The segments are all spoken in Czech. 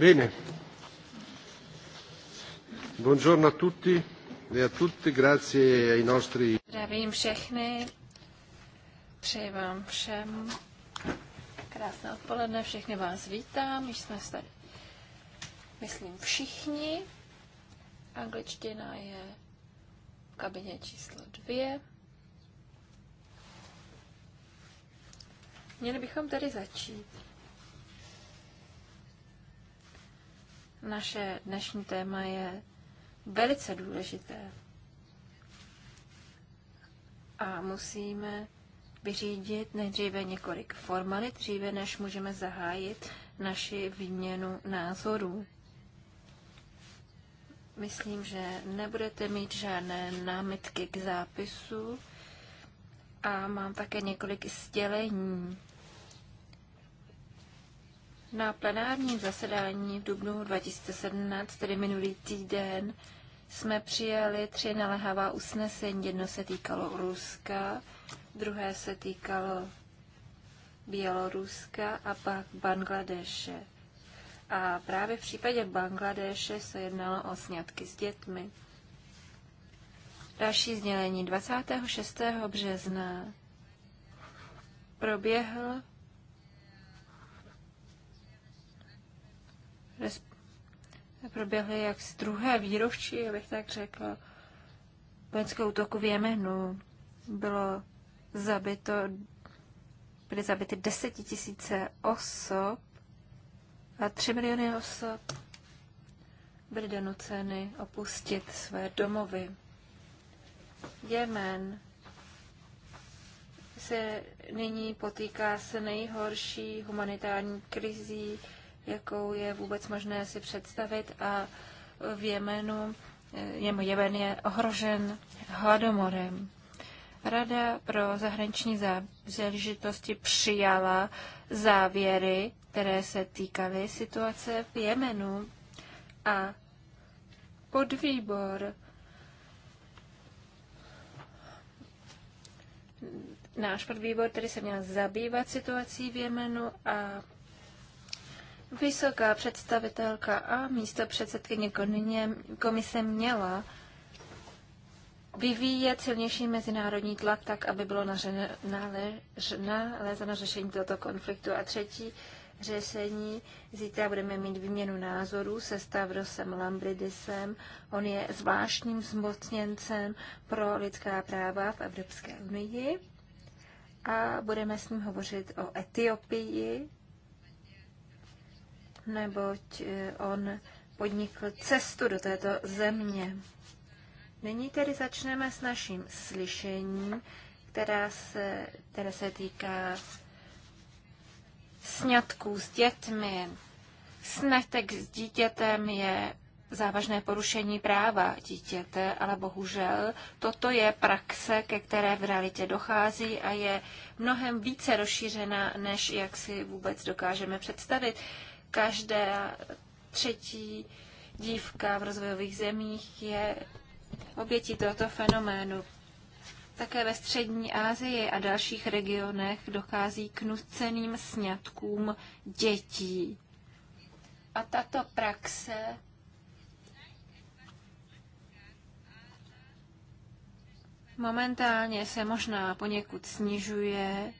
Bene. Buongiorno a tutti e a tutti, grazie ai nostri... Zdravím všechny, přeji vám všem krásné odpoledne, všechny vás vítám, my jsme tady, myslím, všichni. Angličtina je v kabině číslo dvě. Měli bychom tady začít. Naše dnešní téma je velice důležité a musíme vyřídit nejdříve několik formalit, dříve než můžeme zahájit naši výměnu názorů. Myslím, že nebudete mít žádné námitky k zápisu a mám také několik sdělení. Na plenárním zasedání v dubnu 2017, tedy minulý týden, jsme přijali tři naléhavá usnesení. Jedno se týkalo Ruska, druhé se týkalo Běloruska a pak Bangladeše. A právě v případě Bangladeše se jednalo o sňatky s dětmi. Další sdělení 26. března proběhl proběhly jak z druhé výročí, abych tak řekla, vojenského útoku v Jemenu. Bylo zabito, byly zabity desetitisíce osob a tři miliony osob byly donuceny opustit své domovy. Jemen se nyní potýká se nejhorší humanitární krizí jakou je vůbec možné si představit a v Jemenu, Jemen je ohrožen hladomorem. Rada pro zahraniční záležitosti přijala závěry, které se týkaly situace v Jemenu a podvýbor náš podvýbor, který se měl zabývat situací v Jemenu a Vysoká představitelka a místo předsedkyně komise měla vyvíjet silnější mezinárodní tlak tak, aby bylo nalezeno řešení tohoto konfliktu. A třetí řešení, zítra budeme mít výměnu názorů se Stavrosem Lambridisem. On je zvláštním zmocněncem pro lidská práva v Evropské unii a budeme s ním hovořit o Etiopii neboť eh, on podnikl cestu do této země. Nyní tedy začneme s naším slyšením, která se, které se týká sňatků s dětmi. Snatek s dítětem je závažné porušení práva dítěte, ale bohužel toto je praxe, ke které v realitě dochází a je mnohem více rozšířena, než jak si vůbec dokážeme představit. Každá třetí dívka v rozvojových zemích je obětí tohoto fenoménu. Také ve střední Asii a dalších regionech dochází k nuceným sňatkům dětí. A tato praxe momentálně se možná poněkud snižuje,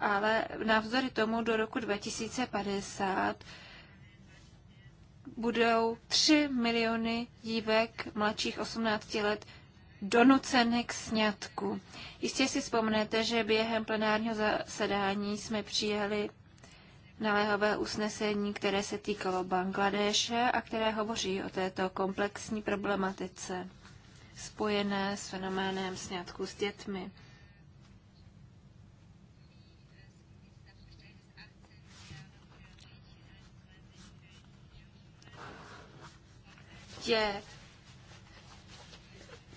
ale navzory tomu do roku 2050 budou 3 miliony dívek mladších 18 let donuceny k sňatku. Jistě si vzpomenete, že během plenárního zasedání jsme přijali naléhavé usnesení, které se týkalo Bangladeše a které hovoří o této komplexní problematice spojené s fenoménem sňatku s dětmi. prostě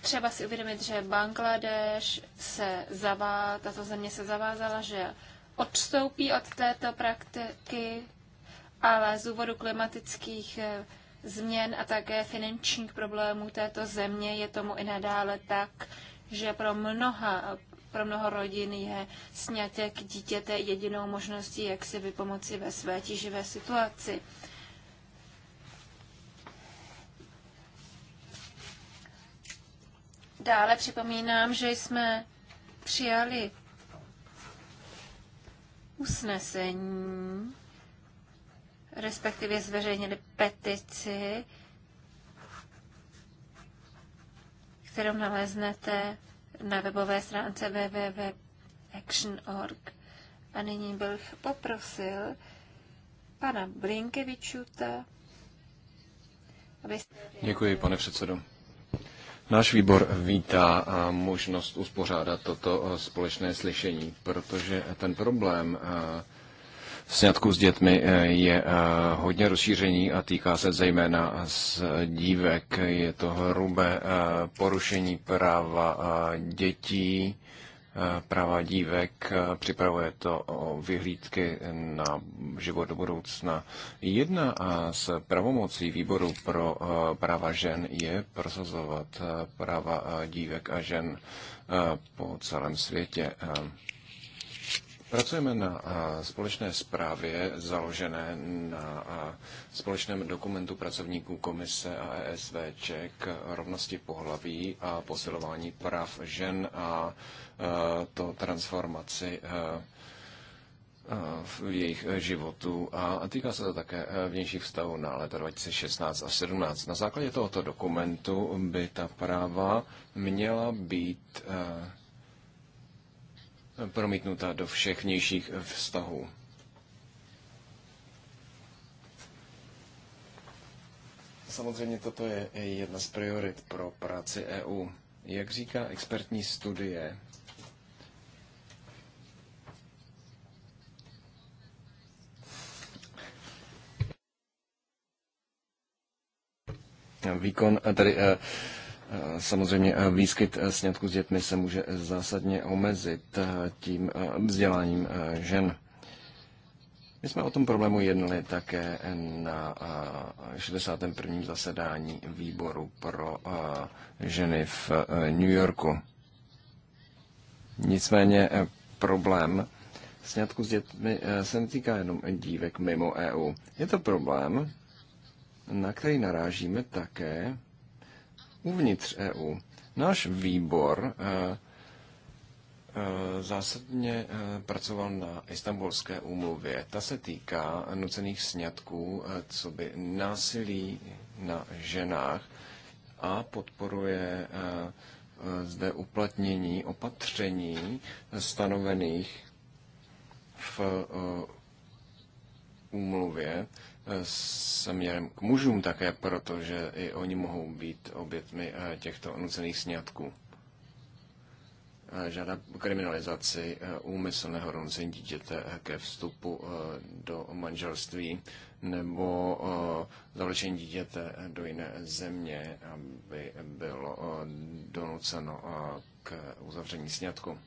třeba si uvědomit, že Bangladeš se zavá, tato země se zavázala, že odstoupí od této praktiky, ale z důvodu klimatických eh, změn a také finančních problémů této země je tomu i nadále tak, že pro mnoha pro mnoho rodin je snětek dítěte jedinou možností, jak si vypomoci ve své tíživé situaci. Dále připomínám, že jsme přijali usnesení, respektive zveřejnili petici, kterou naleznete na webové stránce www.action.org. A nyní bych poprosil pana Blinkevičuta, abyste... Děkuji, pane předsedo. Náš výbor vítá možnost uspořádat toto společné slyšení, protože ten problém v sňatku s dětmi e, je hodně rozšíření a týká se zejména z dívek. Je to hrubé porušení práva dětí Eh, práva dívek, eh, připravuje to o vyhlídky na život do budoucna. Jedna z pravomocí výboru pro eh, práva žen je prosazovat práva dívek a žen po celém světě. Pracujeme na společné zprávě založené na společném dokumentu pracovníků Komise a ESV Ček rovnosti pohlaví a posilování práv žen a to transformaci v jejich životu a týká se to také vnějších vztahů na leta 2016 a 2017. Na základě tohoto dokumentu by ta práva měla být promítnuta do všech vnějších vztahů. Samozřejmě toto je jedna z priorit pro práci EU. Jak říká expertní studie, výkon, tady. Eh, Samozřejmě eh, výskyt eh, snědku s dětmi se může eh, zásadně omezit tím vzděláním žen. My jsme o tom problému jednali také na 61. zasedání výboru pro ženy v New Yorku. Nicméně problém snědku s dětmi se netýká jenom dívek mimo EU. Je to problém, na který narážíme také uvnitř EU. Náš výbor eh, eh, zásadně eh, pracoval na istambulské úmluvě. Ta se týká nucených sňatků, co by násilí na ženách a podporuje zde uplatnění opatření stanovených v úmluvě směrem k mužům také, protože i oni mohou být obětmi eh, těchto nucených sňatků. Eh, Žádá kriminalizaci eh, úmyslného nucení dítěte ke vstupu do manželství nebo zavlečení dítěte do jiné země, aby bylo donuceno k uzavření sňatku.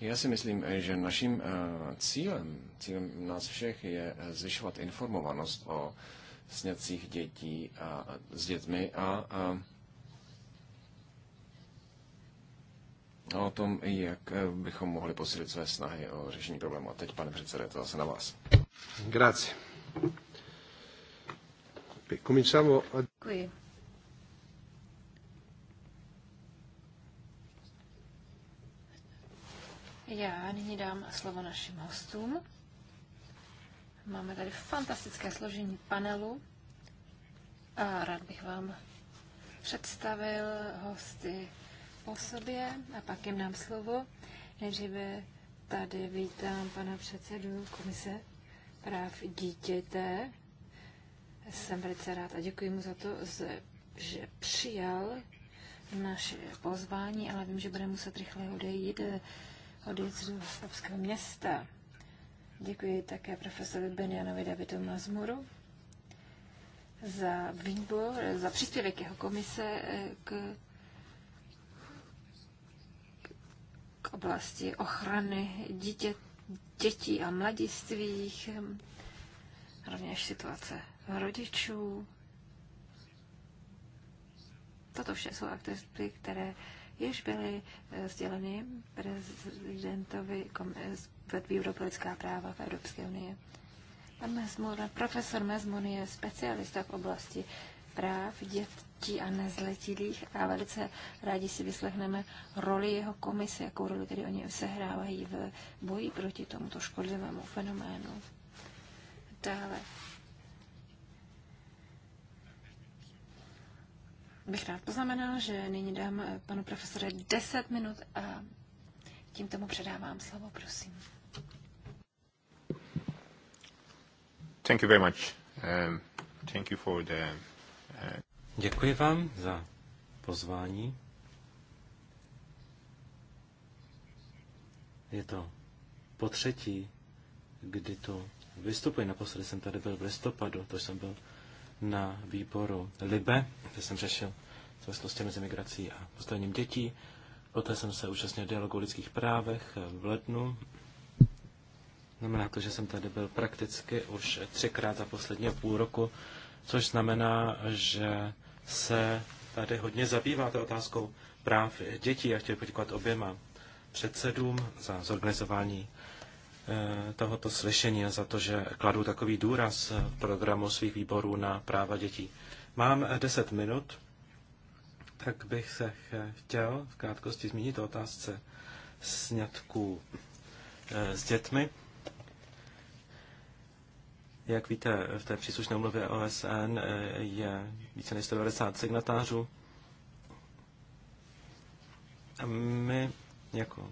Já si myslím, eh, že naším eh, cílem, cílem nás všech je eh, zvyšovat informovanost o sněcích dětí a, s dětmi a, a o tom, jak bychom mohli posílit své snahy o řešení problému. A teď, pane předsedo, je to zase na vás. Grazie. Cominciamo a... Děkuji. Já nyní dám slovo našim hostům. Máme tady fantastické složení panelu a rád bych vám představil hosty po sobě a pak jim dám slovo. Nejdříve tady vítám pana předsedu Komise práv dítěte. Jsem velice rád a děkuji mu za to, že přijal naše pozvání, ale vím, že bude muset rychle odejít od z Evropského města. Děkuji také profesorovi Benjanovi Davidu Mazmuru za výbor, za příspěvek jeho komise eh, k, k oblasti ochrany dítě, dětí a mladistvých, eh, rovněž situace rodičů. Toto vše jsou aktivity, které již byly eh, sděleny prezidentovi eh, výboru pro lidská práva v Evropské unii. Pan Mezmur, profesor Mezmun je specialista v oblasti práv dětí a nezletilých a velice rádi si vyslechneme roli jeho komise, jakou roli tedy oni sehrávají v boji proti tomuto škodlivému fenoménu. Dále bych rád poznamenal, že nyní dám eh, panu profesore 10 minut a tím tomu předávám slovo, prosím. Thank you very much. Um, thank you for the, uh... Děkuji vám za pozvání. Je to po třetí, kdy to vystupuji. Naposledy jsem tady byl v listopadu, to jsem byl na výboru LIBE, kde jsem řešil souvislosti mezi migrací a postavením dětí. Poté jsem se účastnil dialogu o lidských právech v lednu. Znamená to, že jsem tady byl prakticky už třikrát za poslední půl roku, což znamená, že se tady hodně zabýváte otázkou práv dětí. Já chtěl poděkovat oběma předsedům za zorganizování Eh, tohoto slyšení a za to, že kladu takový důraz eh, v programu svých výborů na práva dětí. Mám 10 eh, minut, tak bych se chtěl v krátkosti zmínit o otázce sňatků s dětmi. Jak víte, v té příslušné umluvě OSN je více než 190 signatářů. A my jako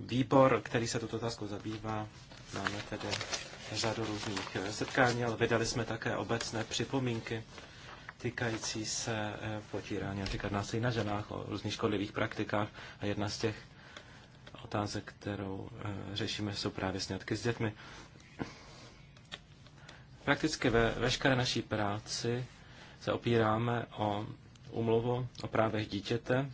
výbor, který se tuto otázku zabývá. Máme tedy řadu různých eh, setkání, ale vydali jsme také obecné připomínky týkající se eh, potírání například násilí na ženách, o různých škodlivých praktikách. A jedna z těch otázek, kterou eh, řešíme, jsou právě sňatky s dětmi. Prakticky ve veškeré naší práci se opíráme o umluvu o právech dítěte,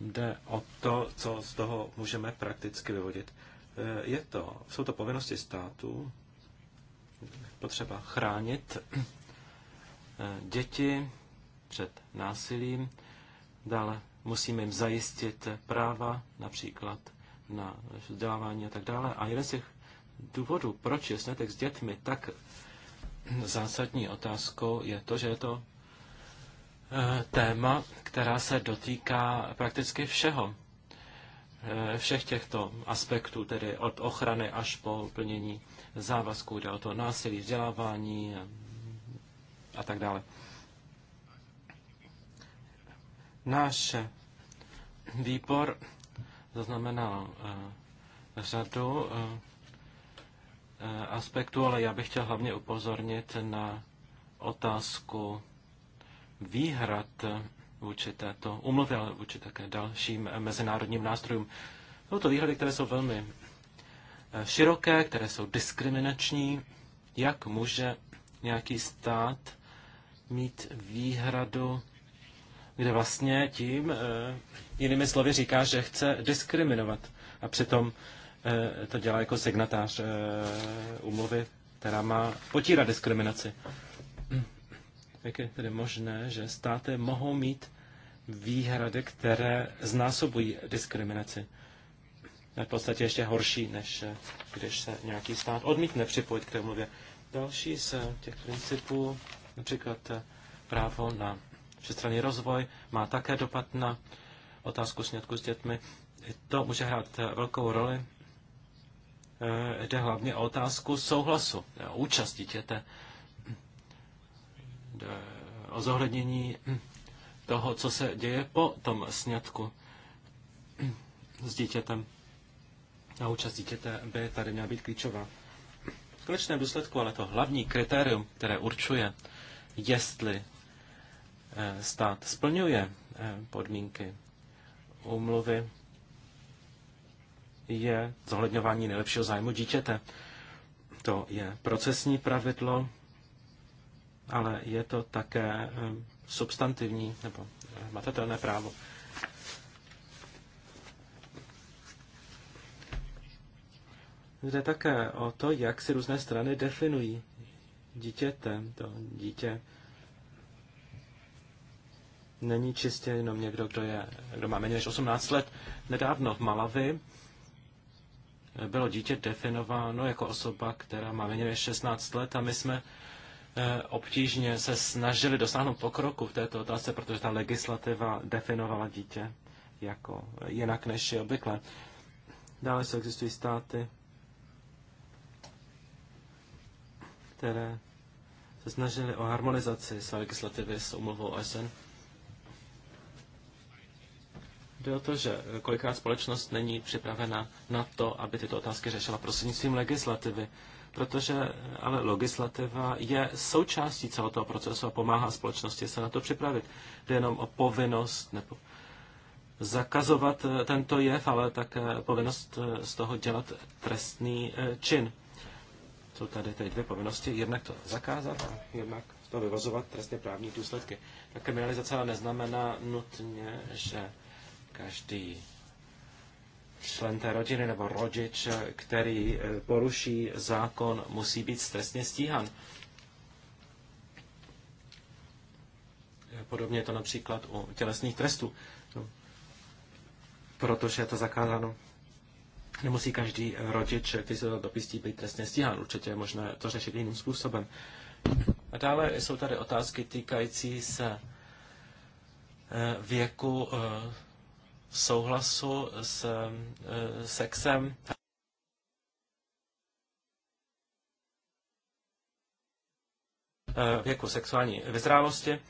jde o to, co z toho můžeme prakticky vyvodit. E, je to, jsou to povinnosti státu, potřeba chránit e, děti před násilím, dále musíme jim zajistit práva, například na vzdělávání a tak dále. A jeden z těch důvodů, proč je snětek s dětmi tak zásadní otázkou, je to, že je to Eh, téma, která se dotýká prakticky všeho. Eh, všech těchto aspektů, tedy od ochrany až po plnění závazků, jde o to násilí, vzdělávání eh, a tak dále. Náš výbor zaznamenal řadu aspektů, ale já bych chtěl hlavně upozornit na otázku výhrad vůči této umluvě, ale vůči také dalším mezinárodním nástrojům. Jsou to výhrady, které jsou velmi eh, široké, které jsou diskriminační. Jak může nějaký stát mít výhradu, kde vlastně tím, eh, jinými slovy, říká, že chce diskriminovat. A přitom eh, to dělá jako signatář umluvy, která má potírat diskriminaci. Jak je tedy možné, že státy mohou mít výhrady, které znásobují diskriminaci? je v podstatě ještě horší, než když se nějaký stát odmítne připojit k té mluvě. Další z těch principů, například právo na všestranný rozvoj, má také dopad na otázku snědku s dětmi. I to může hrát velkou roli. E, jde hlavně o otázku souhlasu, o e, účast dítěte o zohlednění toho, co se děje po tom snědku s dítětem. A účast dítěte by tady měla být klíčová. V konečném důsledku ale to hlavní kritérium, které určuje, jestli eh, stát splňuje eh, podmínky úmluvy, je zohledňování nejlepšího zájmu dítěte. To je procesní pravidlo, ale je to také eh, substantivní nebo eh, matatelné právo. Jde také o to, jak si různé strany definují dítěte. To dítě není čistě jenom někdo, kdo, je, kdo má méně než 18 let. Nedávno v Malavi bylo dítě definováno jako osoba, která má méně než 16 let a my jsme Eh, obtížně se snažili dosáhnout pokroku v této otázce, protože ta legislativa definovala dítě jako jinak než je obvykle. Dále se existují státy, které se snažili o harmonizaci s legislativy s umluvou OSN. Jde o to, že kolikrát společnost není připravena na to, aby tyto otázky řešila prostřednictvím legislativy protože ale legislativa je součástí celého toho procesu a pomáhá společnosti se na to připravit. Jde jenom o povinnost nebo zakazovat eh, tento jev, ale také povinnost eh, z toho dělat trestný eh, čin. Jsou tady tedy dvě povinnosti, jednak to zakázat a jednak to vyvozovat trestně právní důsledky. Tak kriminalizace ale neznamená nutně, že každý člen té rodiny nebo rodič, který eh, poruší zákon, musí být trestně stíhan. Podobně je to například u tělesných trestů, no. protože je to zakázáno. Nemusí každý rodič, který se to dopistí, být trestně stíhan. Určitě je možné to řešit jiným způsobem. A dále jsou tady otázky týkající se eh, věku eh, souhlasu s eh, sexem. Eh, věku sexuální vyzrálosti.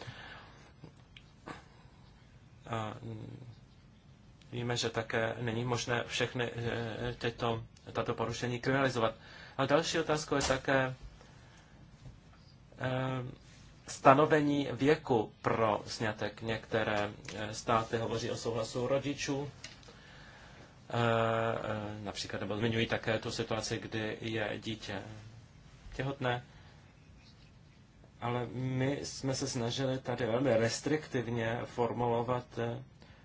A mm, víme, že také není možné všechny eh, tyto, tato porušení kriminalizovat. A další otázkou je také stanovení věku pro snětek. Některé eh, státy hovoří o souhlasu rodičů, eh, eh, například nebo zmiňují také tu situaci, kdy je dítě těhotné. Ale my jsme se snažili tady velmi restriktivně formulovat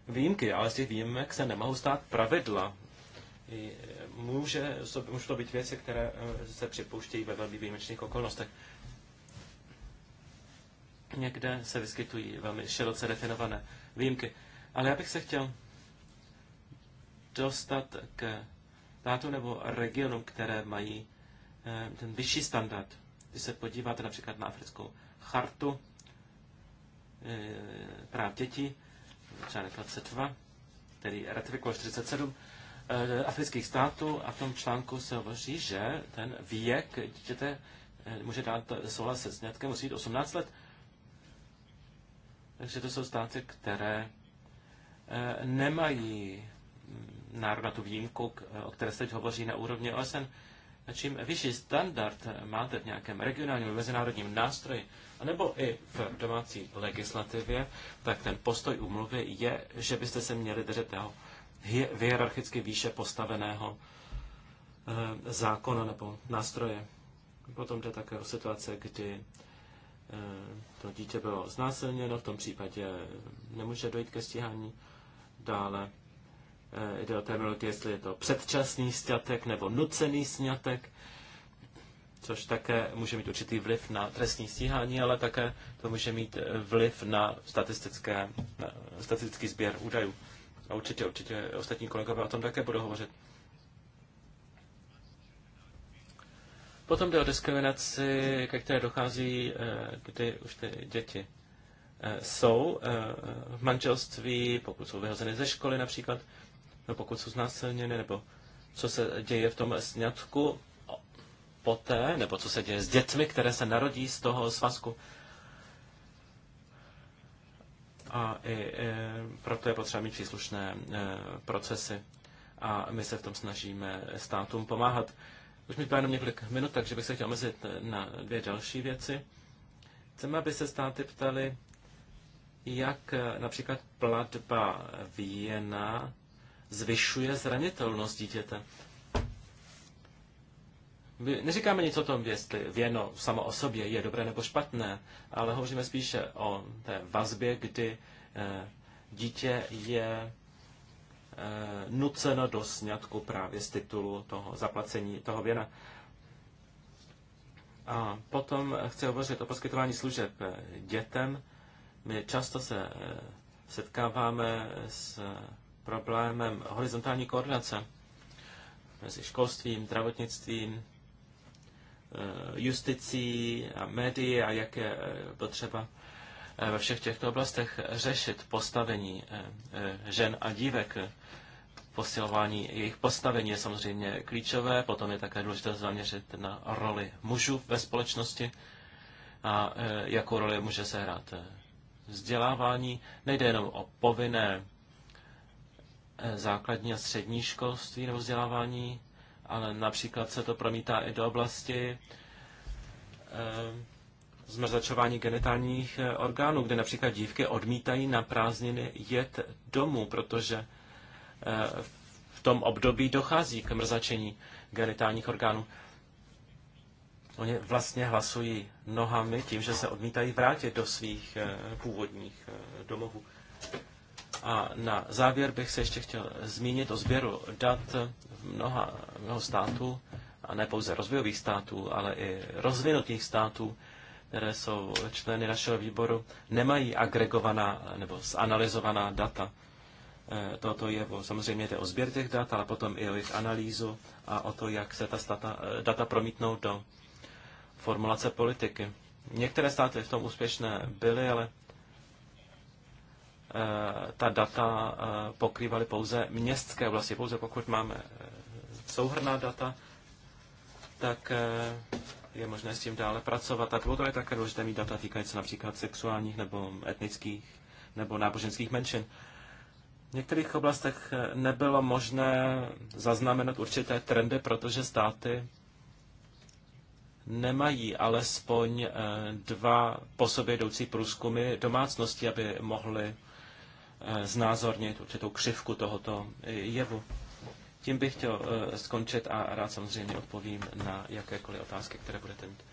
výjimky, ale z těch výjimek se nemohou stát pravidla. Může, může to být věci, které se připouštějí ve velmi výjimečných okolnostech. Někde se vyskytují velmi široce definované výjimky. Ale já bych se chtěl dostat k státu nebo regionům, které mají eh, ten vyšší standard. Když se podíváte například na africkou chartu eh, práv dětí, článek 22, který ratifikoval 47 eh, afrických států a v tom článku se hovoří, že ten věk dítěte může dát souhlas se snědkem, musí být 18 let. Takže to jsou státy, které eh, nemají mm, nárok na tu výjimku, eh, o které se teď hovoří na úrovni OSN. A čím vyšší standard máte v nějakém regionálním mezinárodním nástroji, anebo i v domácí legislativě, tak ten postoj umluvy je, že byste se měli držet toho hierarchicky výše postaveného eh, zákona nebo nástroje. Potom jde také o situace, kdy Eh, to dítě bylo znásilněno, v tom případě nemůže dojít ke stíhání. Dále eh, jde o terminologii, jestli je to předčasný sňatek nebo nucený sňatek, což také může mít určitý vliv na trestní stíhání, ale také to může mít eh, vliv na, statistické, na statistický sběr údajů. A určitě, určitě ostatní kolegové o tom také budou hovořit. Potom jde o diskriminaci, ke které dochází, eh, kdy už ty děti eh, jsou eh, v manželství, pokud jsou vyhozeny ze školy například, nebo pokud jsou znásilněny, nebo co se děje v tom sňatku poté, nebo co se děje s dětmi, které se narodí z toho svazku. A i, i proto je potřeba mít příslušné procesy. A my se v tom snažíme státům pomáhat. Už mi pánu několik minut, takže bych se chtěl omezit na dvě další věci. Chceme, aby se státy ptali, jak eh, například platba výjena zvyšuje zranitelnost dítěte. My neříkáme nic o tom, jestli věno samo o sobě je dobré nebo špatné, ale hovoříme spíše o té vazbě, kdy eh, dítě je Eh, nuceno do sňatku právě z titulu toho zaplacení toho věna. A potom chci hovořit o poskytování služeb eh, dětem. My často se eh, setkáváme s problémem horizontální koordinace mezi školstvím, zdravotnictvím, justicí a médií a jak je potřeba Eh, ve všech těchto oblastech řešit postavení eh, eh, žen a dívek. Posilování jejich postavení je samozřejmě klíčové, potom je také důležité zaměřit na roli mužů ve společnosti a jakou roli může hrát vzdělávání. Nejde jenom o povinné základní a střední školství nebo vzdělávání, ale například se to promítá i do oblasti zmrzačování genitálních eh, orgánů, kde například dívky odmítají na prázdniny jet domů, protože eh, v tom období dochází k mrzačení genitálních orgánů. Oni vlastně hlasují nohami tím, že se odmítají vrátit do svých eh, původních domovů. A na závěr bych se ještě chtěl zmínit o sběru dat mnoha, mnoho států, a ne pouze rozvojových států, ale i rozvinutých států, které jsou členy našeho výboru, nemají agregovaná nebo zanalizovaná data eh, je o, Samozřejmě jde o sběr těch dat, ale potom i o jejich analýzu a o to, jak se ta stata, eh, data promítnou do formulace politiky. Některé státy v tom úspěšné byly, ale eh, ta data pokrývaly pouze městské oblasti. Pouze pokud máme souhrná data, tak je možné s tím dále pracovat. A proto je také důležité mít data týkající například sexuálních nebo etnických nebo náboženských menšin. V některých oblastech nebylo možné zaznamenat určité trendy, protože státy nemají alespoň eh, dva po sobě jdoucí průzkumy domácnosti, aby mohly eh, znázornit určitou křivku tohoto jevu. Tím bych chtěl eh, skončit a rád samozřejmě odpovím na jakékoliv otázky, které budete mít.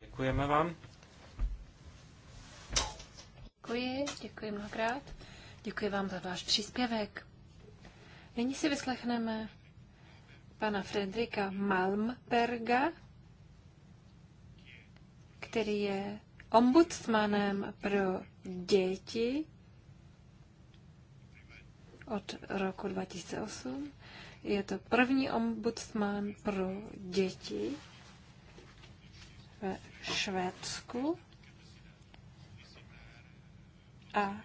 Děkujeme vám. Děkuji, děkuji mnohokrát. Děkuji vám za váš příspěvek. Nyní si vyslechneme pana Fredrika Malmberga, který je ombudsmanem pro děti od roku 2008. Je to první ombudsman pro děti ve Švédsku. A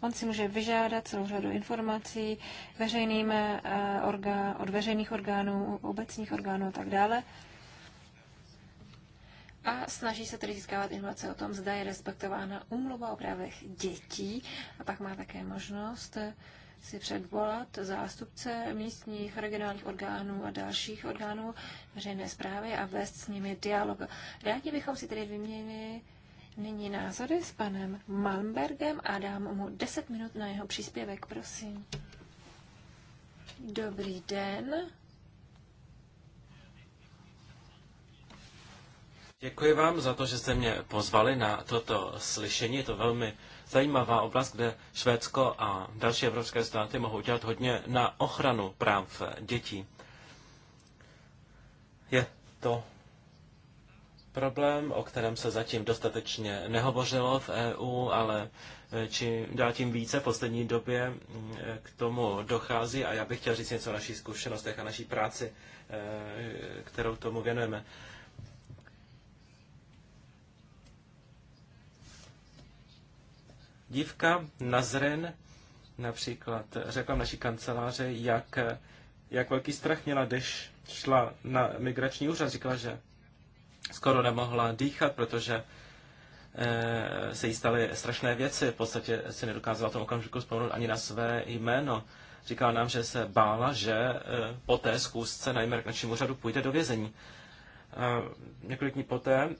on si může vyžádat celou řadu informací veřejným eh, orgán, od veřejných orgánů, obecních orgánů a tak dále. A snaží se tedy získávat informace o tom, zda je respektována umluva o právech dětí. A pak má také možnost eh, si předvolat zástupce místních regionálních orgánů a dalších orgánů veřejné zprávy a vést s nimi dialog. Rádi bychom si tedy vyměnili nyní názory s panem Malmbergem a dám mu 10 minut na jeho příspěvek, prosím. Dobrý den. Děkuji vám za to, že jste mě pozvali na toto slyšení. Je to velmi zajímavá oblast, kde Švédsko a další evropské státy mohou dělat hodně na ochranu práv dětí. Je to problém, o kterém se zatím dostatečně nehovořilo v EU, ale e, čím dál tím více v poslední době e, k tomu dochází a já bych chtěl říct něco o našich zkušenostech a naší práci, e, kterou tomu věnujeme. dívka Nazren například řekla v naší kanceláře, jak, jak velký strach měla, když šla na migrační úřad. Říkala, že skoro nemohla dýchat, protože eh, se jí staly strašné věci. V podstatě si nedokázala v tom okamžiku vzpomenout ani na své jméno. Říkala nám, že se bála, že eh, po té zkusce na imigračním úřadu půjde do vězení. A několik dní poté e,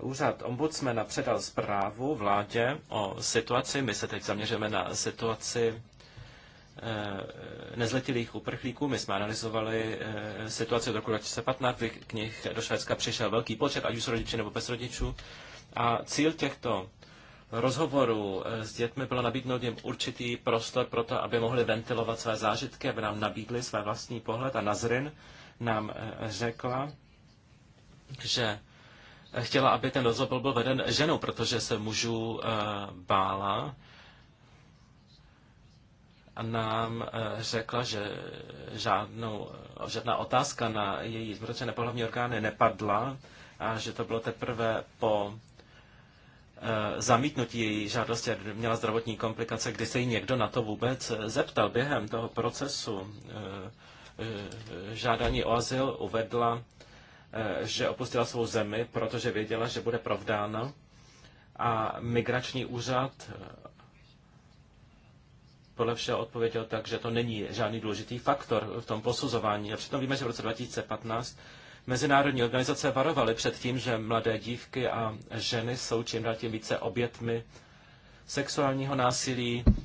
Úřad ombudsmana předal zprávu vládě o situaci, my se teď zaměříme na situaci eh, nezletilých uprchlíků. My jsme analyzovali eh, situaci od roku 2015, kdy k nich do Švédska přišel velký počet, ať už s rodiči nebo bez rodičů. A cíl těchto rozhovorů eh, s dětmi bylo nabídnout jim určitý prostor pro to, aby mohli ventilovat své zážitky, aby nám nabídli své vlastní pohled. A Nazrin nám řekla, že chtěla, aby ten dozor byl veden ženou, protože se mužů eh, bála. A nám eh, řekla, že žádnou, žádná otázka na její zmročené pohlavní orgány nepadla a že to bylo teprve po eh, zamítnutí její žádosti, měla zdravotní komplikace, kdy se jí někdo na to vůbec zeptal. Během toho procesu žádání o azyl uvedla Eh, že opustila svou zemi, protože věděla, že bude provdána. A migrační úřad eh, podle všeho odpověděl tak, že to není žádný důležitý faktor v tom posuzování. A přitom víme, že v roce 2015 mezinárodní organizace varovaly před tím, že mladé dívky a ženy jsou čím dál tím více obětmi sexuálního násilí, eh,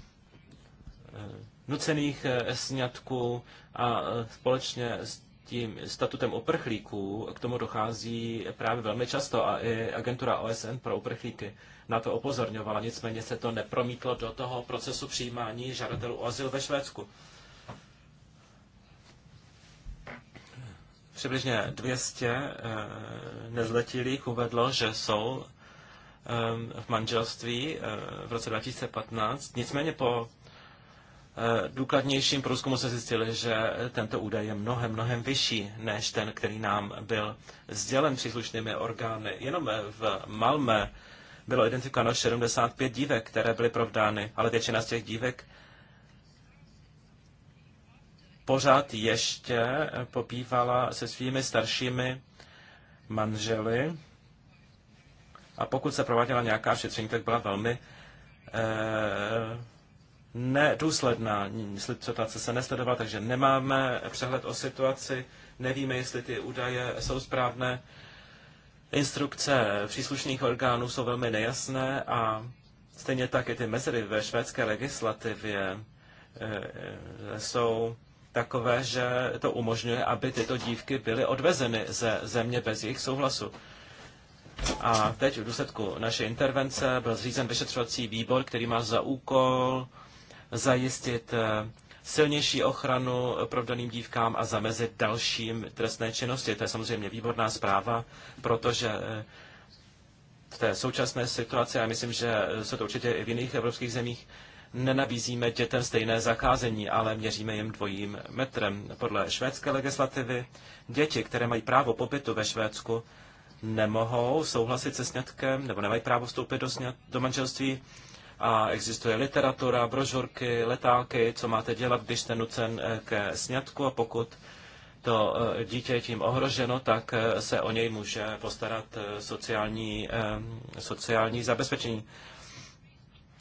nucených sňatků a společně s tím statutem uprchlíků k tomu dochází právě velmi často a i agentura OSN pro uprchlíky na to opozorňovala, nicméně se to nepromítlo do toho procesu přijímání žadatelů o azyl ve Švédsku. Přibližně 200 eh, nezletilých uvedlo, že jsou eh, v manželství eh, v roce 2015, nicméně po Eh, důkladnějším průzkumu se zjistili, že tento údaj je mnohem, mnohem vyšší než ten, který nám byl sdělen příslušnými orgány. Jenom v Malme bylo identifikováno 75 dívek, které byly provdány, ale většina z těch dívek pořád ještě popívala se svými staršími manžely a pokud se prováděla nějaká šetření, tak byla velmi eh, nedůsledná. Situace se nesledovala, takže nemáme přehled o situaci, nevíme, jestli ty údaje jsou správné. Instrukce příslušných orgánů jsou velmi nejasné a stejně tak i ty mezery ve švédské legislativě eh, eh, jsou takové, že to umožňuje, aby tyto dívky byly odvezeny ze země bez jejich souhlasu. A teď v důsledku naší intervence byl zřízen vyšetřovací výbor, který má za úkol zajistit eh, silnější ochranu eh, provdaným dívkám a zamezit dalším trestné činnosti. To je samozřejmě výborná zpráva, protože eh, v té současné situaci, a myslím, že se to určitě i v jiných evropských zemích, nenabízíme dětem stejné zakázení, ale měříme jim dvojím metrem. Podle švédské legislativy děti, které mají právo pobytu ve Švédsku, nemohou souhlasit se sňatkem nebo nemají právo vstoupit do, sňat, do manželství a existuje literatura, brožurky, letáky, co máte dělat, když jste nucen eh, ke sňatku a pokud to eh, dítě je tím ohroženo, tak eh, se o něj může postarat sociální, sociální zabezpečení.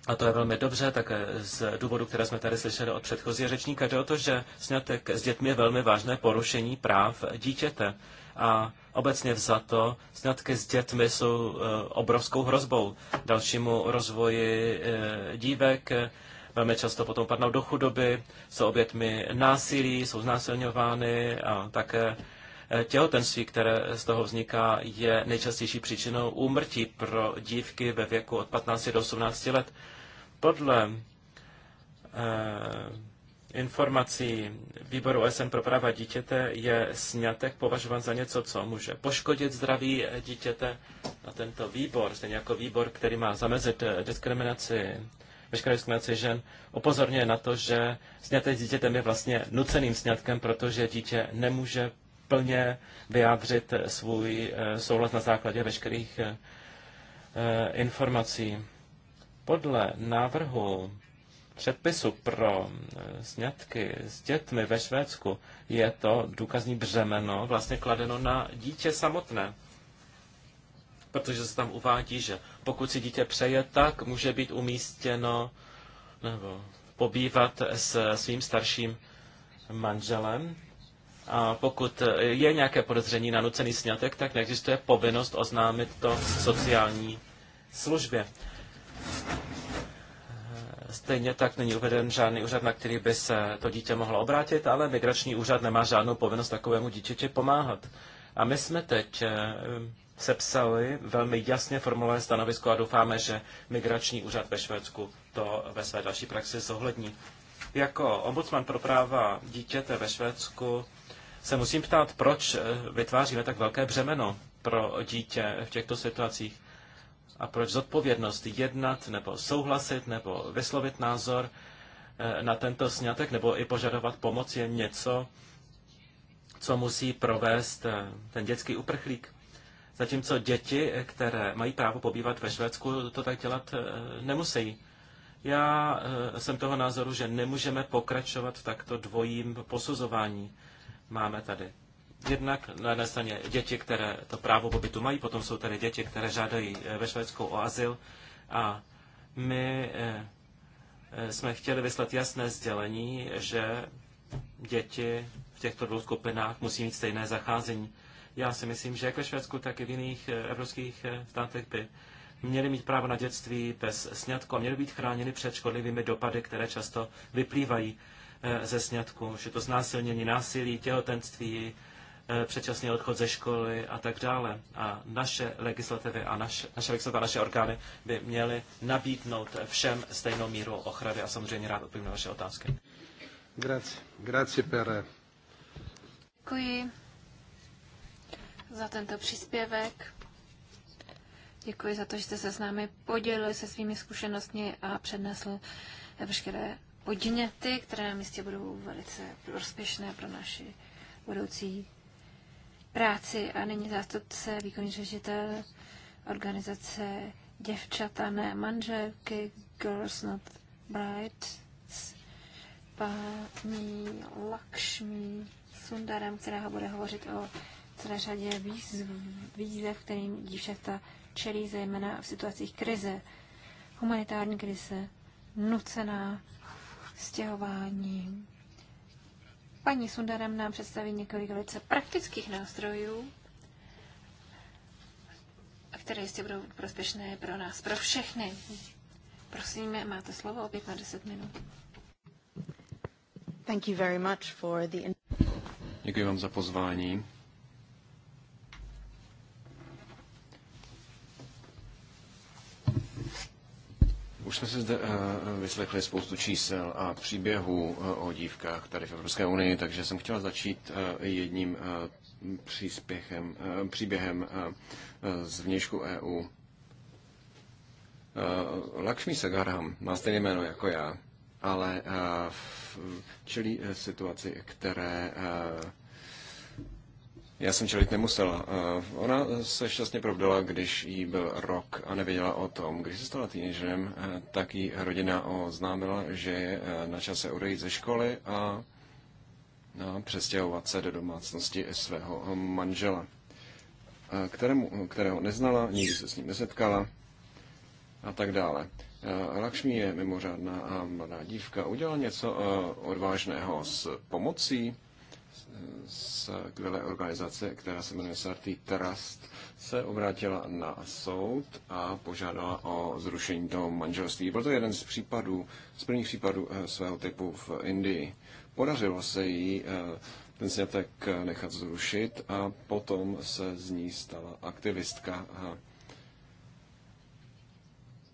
A to je velmi dobře, tak z důvodu, které jsme tady slyšeli od předchozího řečníka, jde o to, že snětek s dětmi je velmi vážné porušení práv dítěte. A Obecně vzato, sňatky s dětmi jsou e, obrovskou hrozbou dalšímu rozvoji e, dívek, velmi často potom padnou do chudoby, jsou obětmi násilí, jsou znásilňovány a také e, těhotenství, které z toho vzniká, je nejčastější příčinou úmrtí pro dívky ve věku od 15 do 18 let. Podle eh, informací výboru OSN pro práva dítěte je snětek považován za něco, co může poškodit zdraví dítěte. A tento výbor, stejně jako výbor, který má zamezit eh, diskriminaci, veškeré diskriminaci žen, upozorňuje na to, že snětek s dítětem je vlastně nuceným snětkem, protože dítě nemůže plně vyjádřit eh, svůj eh, souhlas na základě veškerých informací. Podle návrhu předpisu pro eh, snědky s dětmi ve Švédsku je to důkazní břemeno vlastně kladeno na dítě samotné. Protože se tam uvádí, že pokud si dítě přeje, tak může být umístěno nebo pobývat s svým starším manželem. A pokud je nějaké podezření na nucený snětek, tak neexistuje povinnost oznámit to sociální službě. Stejně tak není uveden žádný úřad, na který by se to dítě mohlo obrátit, ale migrační úřad nemá žádnou povinnost takovému dítěti pomáhat. A my jsme teď eh, sepsali velmi jasně formulované stanovisko a doufáme, že migrační úřad ve Švédsku to ve své další praxi zohlední. Jako ombudsman pro práva dítěte ve Švédsku se musím ptát, proč eh, vytváříme tak velké břemeno pro dítě v těchto situacích a proč zodpovědnost jednat nebo souhlasit nebo vyslovit názor eh, na tento snětek nebo i požadovat pomoc je něco, co musí provést eh, ten dětský uprchlík. Zatímco děti, eh, které mají právo pobývat ve Švédsku, to tak dělat nemusí. Já jsem toho názoru, že nemůžeme pokračovat v takto dvojím posuzování. Máme tady Jednak na jedné straně děti, které to právo pobytu mají, potom jsou tady děti, které žádají eh, ve Švédsku o azyl a my eh, eh, jsme chtěli vyslat jasné sdělení, že děti v těchto dvou skupinách musí mít stejné zacházení. Já si myslím, že jak ve Švédsku, tak i v jiných evropských státech by měli mít právo na dětství bez sňatku a měli být chráněni před škodlivými dopady, které často vyplývají ze sňatku, že to znásilnění, násilí, těhotenství, Eh, předčasný odchod ze školy a tak dále. A naše legislativy a naše, naše legislativa, naše orgány by měly nabídnout všem stejnou míru ochrany a samozřejmě rád odpovím na vaše otázky. Grazie. Grazie per... Děkuji za tento příspěvek. Děkuji za to, že jste se s námi podělili se svými zkušenostmi a přednesl veškeré podněty, které nám jistě budou velice prospěšné pro naši budoucí práci a není zástupce výkonný řešitel organizace Děvčata ne manželky, Girls Not Brides, paní Lakšmi Sundarem, která bude hovořit o celé řadě výzv, výzev, kterým dívčata čelí, zejména v situacích krize, humanitární krize, nucená stěhování, Paní Sundarem nám představí několik velice praktických nástrojů, které jistě budou prospěšné pro nás, pro všechny. Prosím, máte slovo opět na 10 minut. Thank you very much for the... Děkuji vám za pozvání Už jsme si zde eh, vyslechli spoustu čísel a příběhů eh, o dívkách tady v Evropské unii, takže jsem chtěla začít eh, jedním příspěchem, příběhem z vnějšku EU. Lakshmi Sagarham má stejné jméno jako já, ale čelí situaci, které já jsem čelit nemusela. Eh, ona se šťastně provdala, když jí byl rok a nevěděla o tom. Když se stala týnežem, eh, tak jí rodina oznámila, že je eh, na čase odejít ze školy a no, přestěhovat se do domácnosti svého manžela, kterému, kterého neznala, nikdy se s ním nesetkala a tak dále. Lakšmi je mimořádná a mladá dívka. Udělala něco odvážného s pomocí z kvělé organizace, která se jmenuje Sarty Trust, se obrátila na soud a požádala o zrušení toho manželství. Byl to jeden z případů, z prvních případů eh, svého typu v Indii. Podařilo se jí eh, ten snětek nechat zrušit a potom se z ní stala aktivistka eh,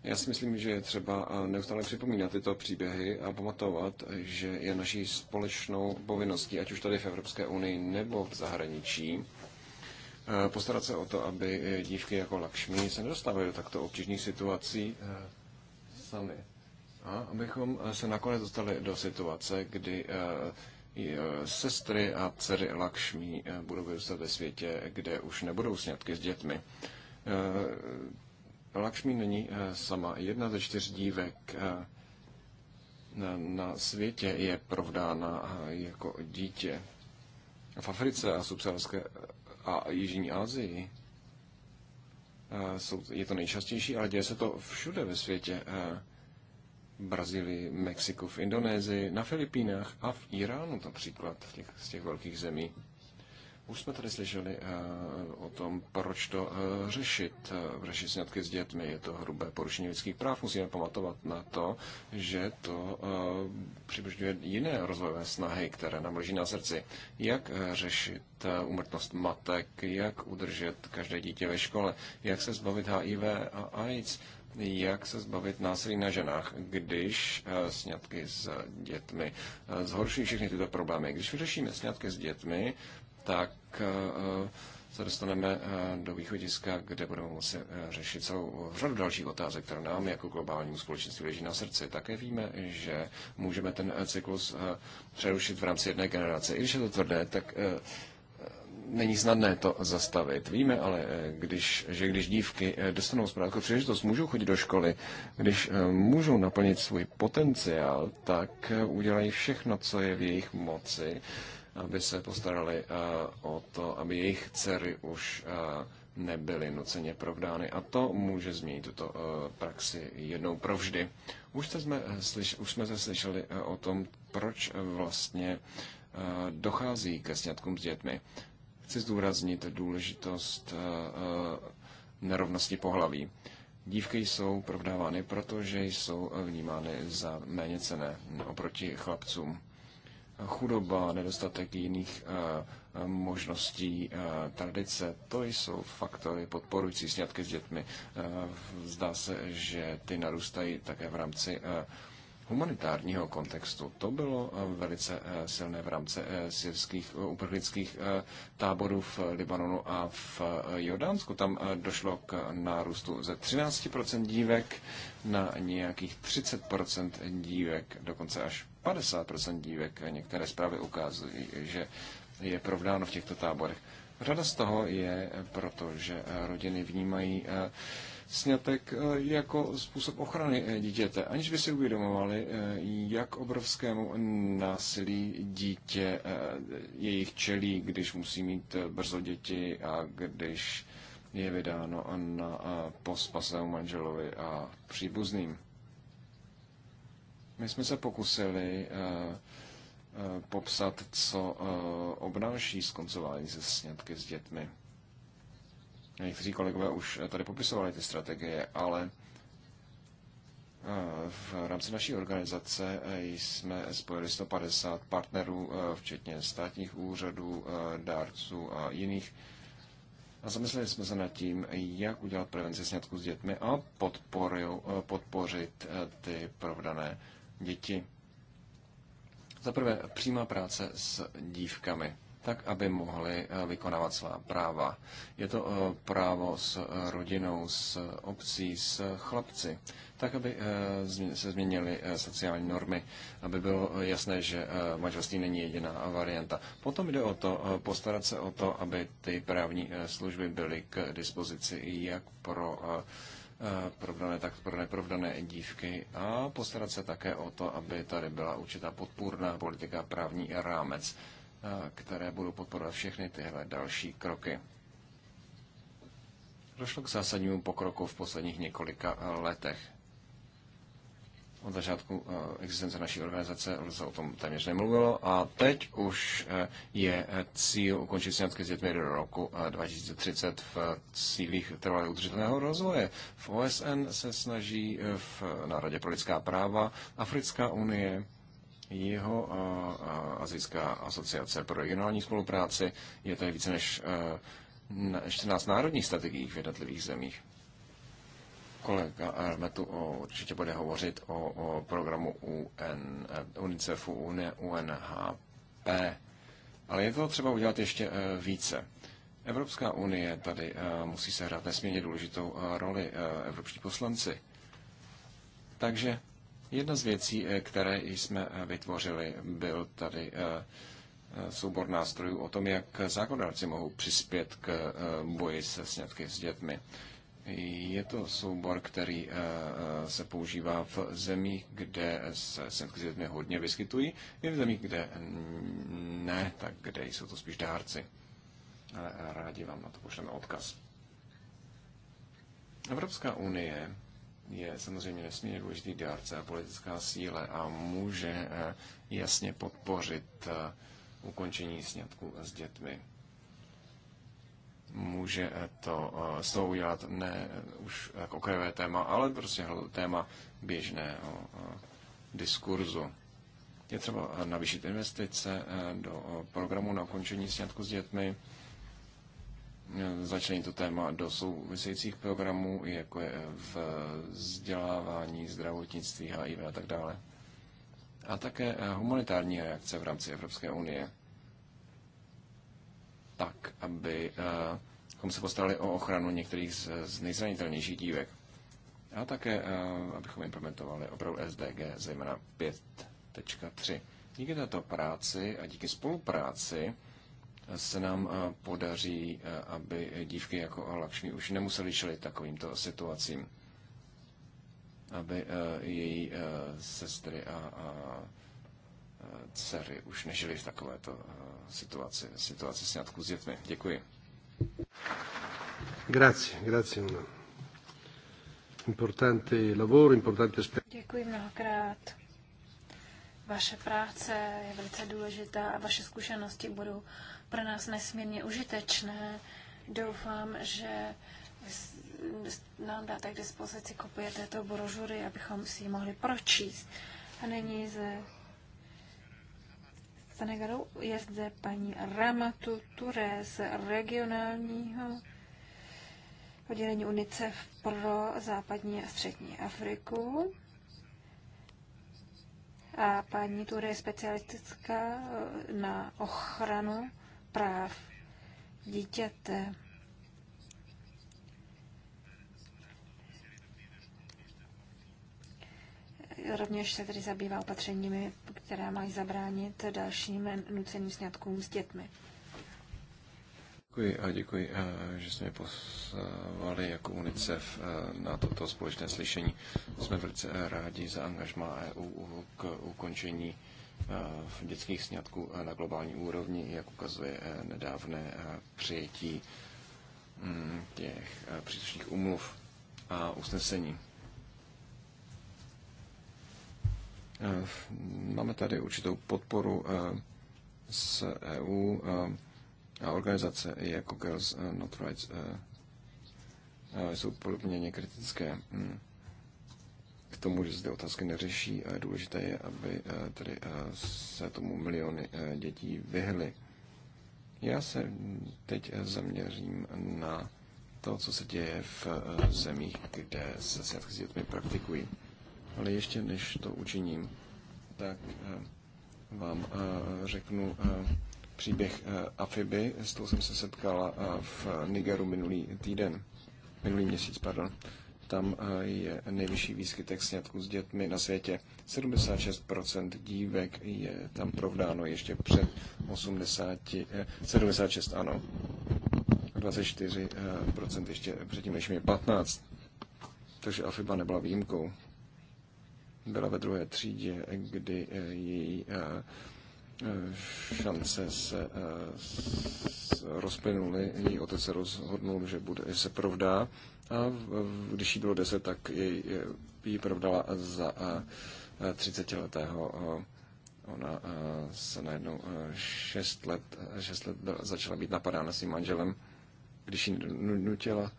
já si myslím, že je třeba eh, neustále připomínat tyto příběhy a pamatovat, že je naší společnou povinností, ať už tady v Evropské unii nebo v zahraničí, eh, postarat se o to, aby dívky jako Lakšmi se nedostávaly do takto obtížných situací eh, sami. A abychom se nakonec dostali do situace, kdy sestry a dcery Lakšmi budou vyrůstat ve světě, kde už nebudou sňatky s dětmi Lakšmi není eh, sama. Jedna ze čtyř dívek eh, na světě je provdána eh, jako dítě. V Africe a subsaharské a Jižní Asii je to nejčastější, ale děje se to všude ve světě. Brazílii, Mexiku, v Indonésii, na Filipínách a v Iránu například, v těch, z těch velkých zemí. Už jsme tady slyšeli eh, o tom, proč to eh, řešit. Eh, řešit sňatky s dětmi je to hrubé porušení lidských práv. Musíme pamatovat na to, že to přibližuje jiné rozvojové snahy, které nám leží na srdci. Jak řešit umrtnost matek, jak udržet každé dítě ve škole, jak se zbavit HIV a AIDS, jak se zbavit násilí na ženách, když sňatky s dětmi zhorší všechny tyto problémy. Když vyřešíme sňatky s dětmi, tak eh, eh, se dostaneme eh, do východiska, kde budeme moci řešit celou řadu dalších otázek, které nám jako globálnímu společenství leží na srdci. Také víme, že můžeme ten cyklus přerušit v rámci jedné generace. I když je to tvrdé, tak není snadné to zastavit. Víme ale, když, že když dívky dostanou zprávku příležitost, můžou chodit do školy, když můžou naplnit svůj potenciál, tak udělají všechno, co je v jejich moci aby se postarali eh, o to, aby jejich dcery už eh, nebyly nuceně provdány. A to může změnit tuto eh, praxi jednou provždy. Už, jsme, slyš, už jsme se slyšeli o tom, proč vlastně dochází ke sňatkům s dětmi. Chci zdůraznit důležitost nerovnosti pohlaví. Dívky jsou provdávány, protože jsou vnímány za méně cené oproti chlapcům chudoba, nedostatek jiných eh, možností, eh, tradice, to jsou faktory podporující sňatky s dětmi. Eh, zdá se, že ty narůstají také v rámci humanitárního kontextu. To bylo eh, velice eh, silné v rámci eh, syrských uprchlických táborů v Libanonu a v Jordánsku. Tam došlo k nárůstu ze 13% dívek na nějakých 30% dívek, dokonce až 50% dívek. Některé zprávy ukazují, že je provdáno v těchto táborech. Řada z toho je eh, proto, že eh, rodiny vnímají eh, snětek jako způsob ochrany dítěte, aniž by si uvědomovali, jak obrovskému násilí dítě jejich čelí, když musí mít brzo děti a když je vydáno na pospasému manželovi a příbuzným. My jsme se pokusili uh, Eh, popsat, co eh, obnáší skoncování se snědky s dětmi. Někteří kolegové už tady popisovali ty strategie, ale eh, v rámci naší organizace jsme spojili 150 partnerů, včetně státních úřadů, dárců a jiných. A zamysleli jsme se nad tím, jak udělat prevenci snědku s dětmi a podporu, podpořit ty provdané děti. Za prvé, přímá práce s dívkami tak, aby mohli eh, vykonávat svá práva. Je to eh, právo s eh, rodinou, s obcí, s chlapci, tak, aby se změnily sociální normy, aby bylo jasné, že manželství není jediná varianta. Potom jde o to postarat se o to, aby ty právní služby byly k dispozici jak pro provdané, tak pro neprovdané dívky a postarat se také o to, aby tady byla určitá podpůrná politika právní rámec, eh, které budou podporovat všechny tyhle další kroky. Došlo k zásadnímu pokroku v posledních několika letech od začátku eh, existence naší organizace se o tom téměř nemluvilo a teď už eh, je eh, cíl ukončit sňatky s dětmi do roku 2030 v cílích trvalé udržitelného rozvoje. V OSN se snaží v Národě pro lidská práva, Africká unie, jeho azijská asociace pro regionální spolupráci je tady více než 14 národních strategií v jednotlivých zemích kolega Armetu určitě bude hovořit o, o programu UN, eh, UNICEFu, UN, UNHP, ale je to třeba udělat ještě eh, více. Evropská unie tady eh, musí se hrát nesmírně důležitou roli evropští poslanci. Takže jedna z věcí, které jsme vytvořili, byl tady soubor nástrojů o tom, jak zákonodárci mohou přispět k boji se sňatky s dětmi. Je to soubor, který eh, eh, se používá v zemích, kde se synchronizmy hodně vyskytují, i v zemích, kde ne, tak kde jsou to spíš dárci. Ale eh, rádi vám na to pošleme odkaz. Evropská unie je samozřejmě nesmírně důležitý dárce a politická síle a může jasně podpořit ukončení sňatku s dětmi může eh, to eh, z toho udělat ne eh, už jako okrajové téma, ale prostě téma běžného diskurzu. Je třeba navýšit investice do programu na ukončení sňatku s dětmi, začlenit to téma do souvisejících programů, jako je v vzdělávání, zdravotnictví, HIV a tak dále. A také humanitární reakce v rámci Evropské unie tak, aby eh, abychom se postarali o ochranu některých z, z nejzranitelnějších dívek. A také, eh, abychom implementovali opravdu SDG, zejména 5.3. Díky této práci a díky spolupráci eh, se nám podaří, aby dívky jako Lakšmi už nemuseli čelit takovýmto situacím, aby její sestry a, a dcery už nežili v takovéto eh, situaci, situaci sňatku s dětmi. Děkuji. Grazie, grazie. Importante lavoro, importante Děkuji mnohokrát. Vaše práce je velice důležitá a vaše zkušenosti budou pro nás nesmírně užitečné. Doufám, že nám dáte k dispozici kopie této brožury, abychom si ji mohli pročíst. A nyní ze Senegalu. Je zde paní Ramatu Ture z regionálního oddělení UNICEF pro západní a střední Afriku. A paní Ture je specialistická eh, na ochranu práv dítěte. Rovněž se tedy zabývá opatřeními, které mají zabránit dalším nuceným sňatkům s dětmi. Děkuji a děkuji, eh, že jsme mě jako UNICEF eh, na toto společné slyšení. Jsme velice eh, rádi za angažma EU k ukončení dětských sňatků na globální úrovni, jak ukazuje nedávné přijetí mm, těch příslušných umluv a usnesení. Eh, máme tady určitou podporu eh, z EU eh, a organizace jako Girls Not Rights jsou podobně kritické hm, k tomu, že se ty otázky neřeší a důležité je, aby tady se tomu miliony dětí vyhly. Já se teď zaměřím na to, co se děje v zemích, kde se setkání s dětmi praktikují. Ale ještě než to učiním, tak eh, vám eh, řeknu eh, příběh Afiby. S tou jsem se setkala v Nigeru minulý týden, minulý měsíc, pardon. Tam je nejvyšší výskytek sňatků s dětmi na světě. 76% dívek je tam provdáno ještě před 80, 76 ano. 24% ještě předtím, než mi je 15. Takže Afiba nebyla výjimkou byla ve druhé třídě, kdy eh, její eh, eh, šance se rozplynuly. Její otec se rozhodnul, že bude, se provdá. A když jí bylo 10, tak jej, ji provdala za 30-letého. Ona se najednou 6 let, 6 let začala být napadána svým manželem, když ji nutila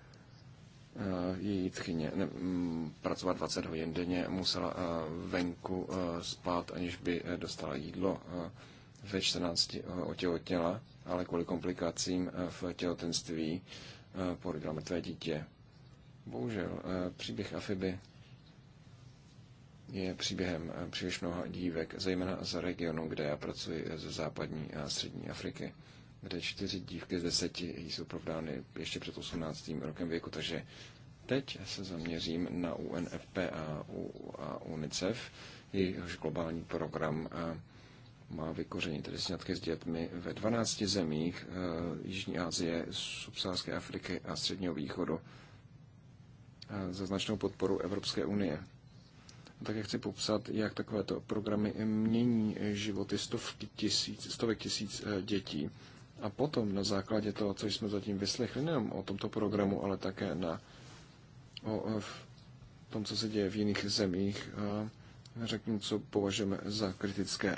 Eh, její tchyně ne, mm, pracovat 20 hodin denně, musela eh, venku eh, spát, aniž by dostala jídlo. Ve 14 otěhotněla, ale kvůli komplikacím v těhotenství porodila mrtvé dítě. Bohužel, příběh Afiby je příběhem příliš mnoha dívek, zejména z regionu, kde já pracuji ze západní a střední Afriky kde čtyři dívky z deseti jsou provdány ještě před 18. rokem věku, takže teď se zaměřím na UNFPA a UNICEF, jejichž globální program eh, má vykořenit tedy sňatky s dětmi ve 12 zemích eh, Jižní Asie, Subsaharské Afriky a Středního východu eh, za značnou podporu Evropské unie. A já chci popsat, jak takovéto programy mění životy stovky tisíc, stovek tisíc dětí a potom na základě toho, co jsme zatím vyslechli, nejenom o tomto programu, ale také na, o, o tom, co se děje v jiných zemích, řeknu, co považujeme za kritické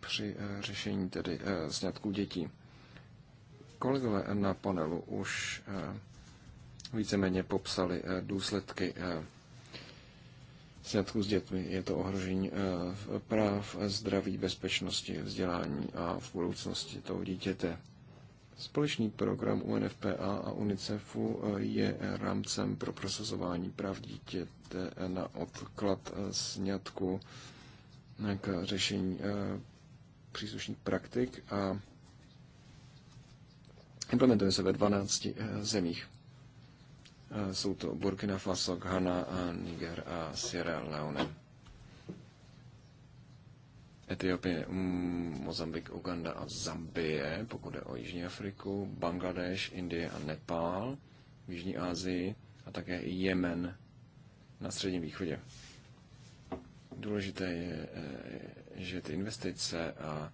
při e, řešení tedy e, sňatků dětí. Kolegové na panelu už e, víceméně popsali důsledky sňatků s dětmi. Je to ohrožení práv, zdraví, bezpečnosti, vzdělání a v budoucnosti toho dítěte. Společný program UNFPA a UNICEFu eh, je rámcem pro prosazování práv dítěte na odklad eh, sňatku eh, k řešení příslušných praktik a implementuje se ve 12 zemích. Jsou to Burkina Faso, Ghana, Niger a Sierra Leone. Etiopie, mm, Mozambik, Uganda a Zambie, pokud je o Jižní Afriku, Bangladeš, Indie a Nepál, v Jižní Asii a také Jemen na Středním východě. Důležité je, eh, že ty investice a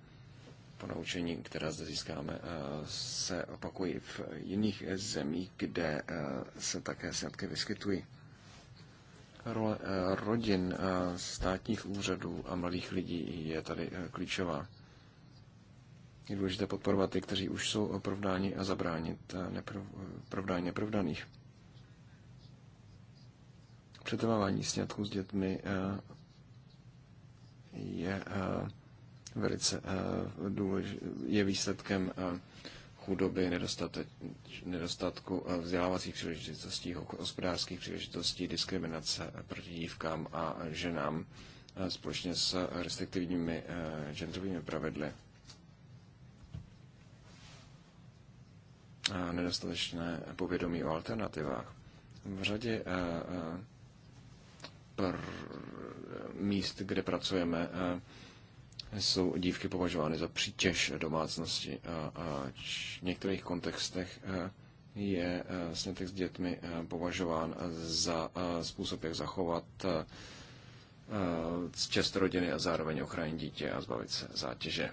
ponaučení, která zde získáme, eh, se opakují v jiných zemích, kde eh, se také sňatky vyskytují. Role eh, rodin, eh, státních úřadů a mladých lidí je tady eh, klíčová. Je důležité podporovat ty, kteří už jsou provdáni a zabránit neprov, provdání neprovdaných. Přetrvávání sňatku s dětmi je velice důlež, je výsledkem chudoby, nedostatku eh, vzdělávacích příležitostí, hospodářských příležitostí, diskriminace proti dívkám a ženám eh, společně s restriktivními eh, genderovými pravidly. A nedostatečné povědomí o alternativách. V řadě pr- míst, kde pracujeme, jsou dívky považovány za přítěž domácnosti a, a v některých kontextech e, je e, snětek vlastně s dětmi e, považován za způsob, jak zachovat čest rodiny a zároveň ochránit dítě a zbavit se zátěže.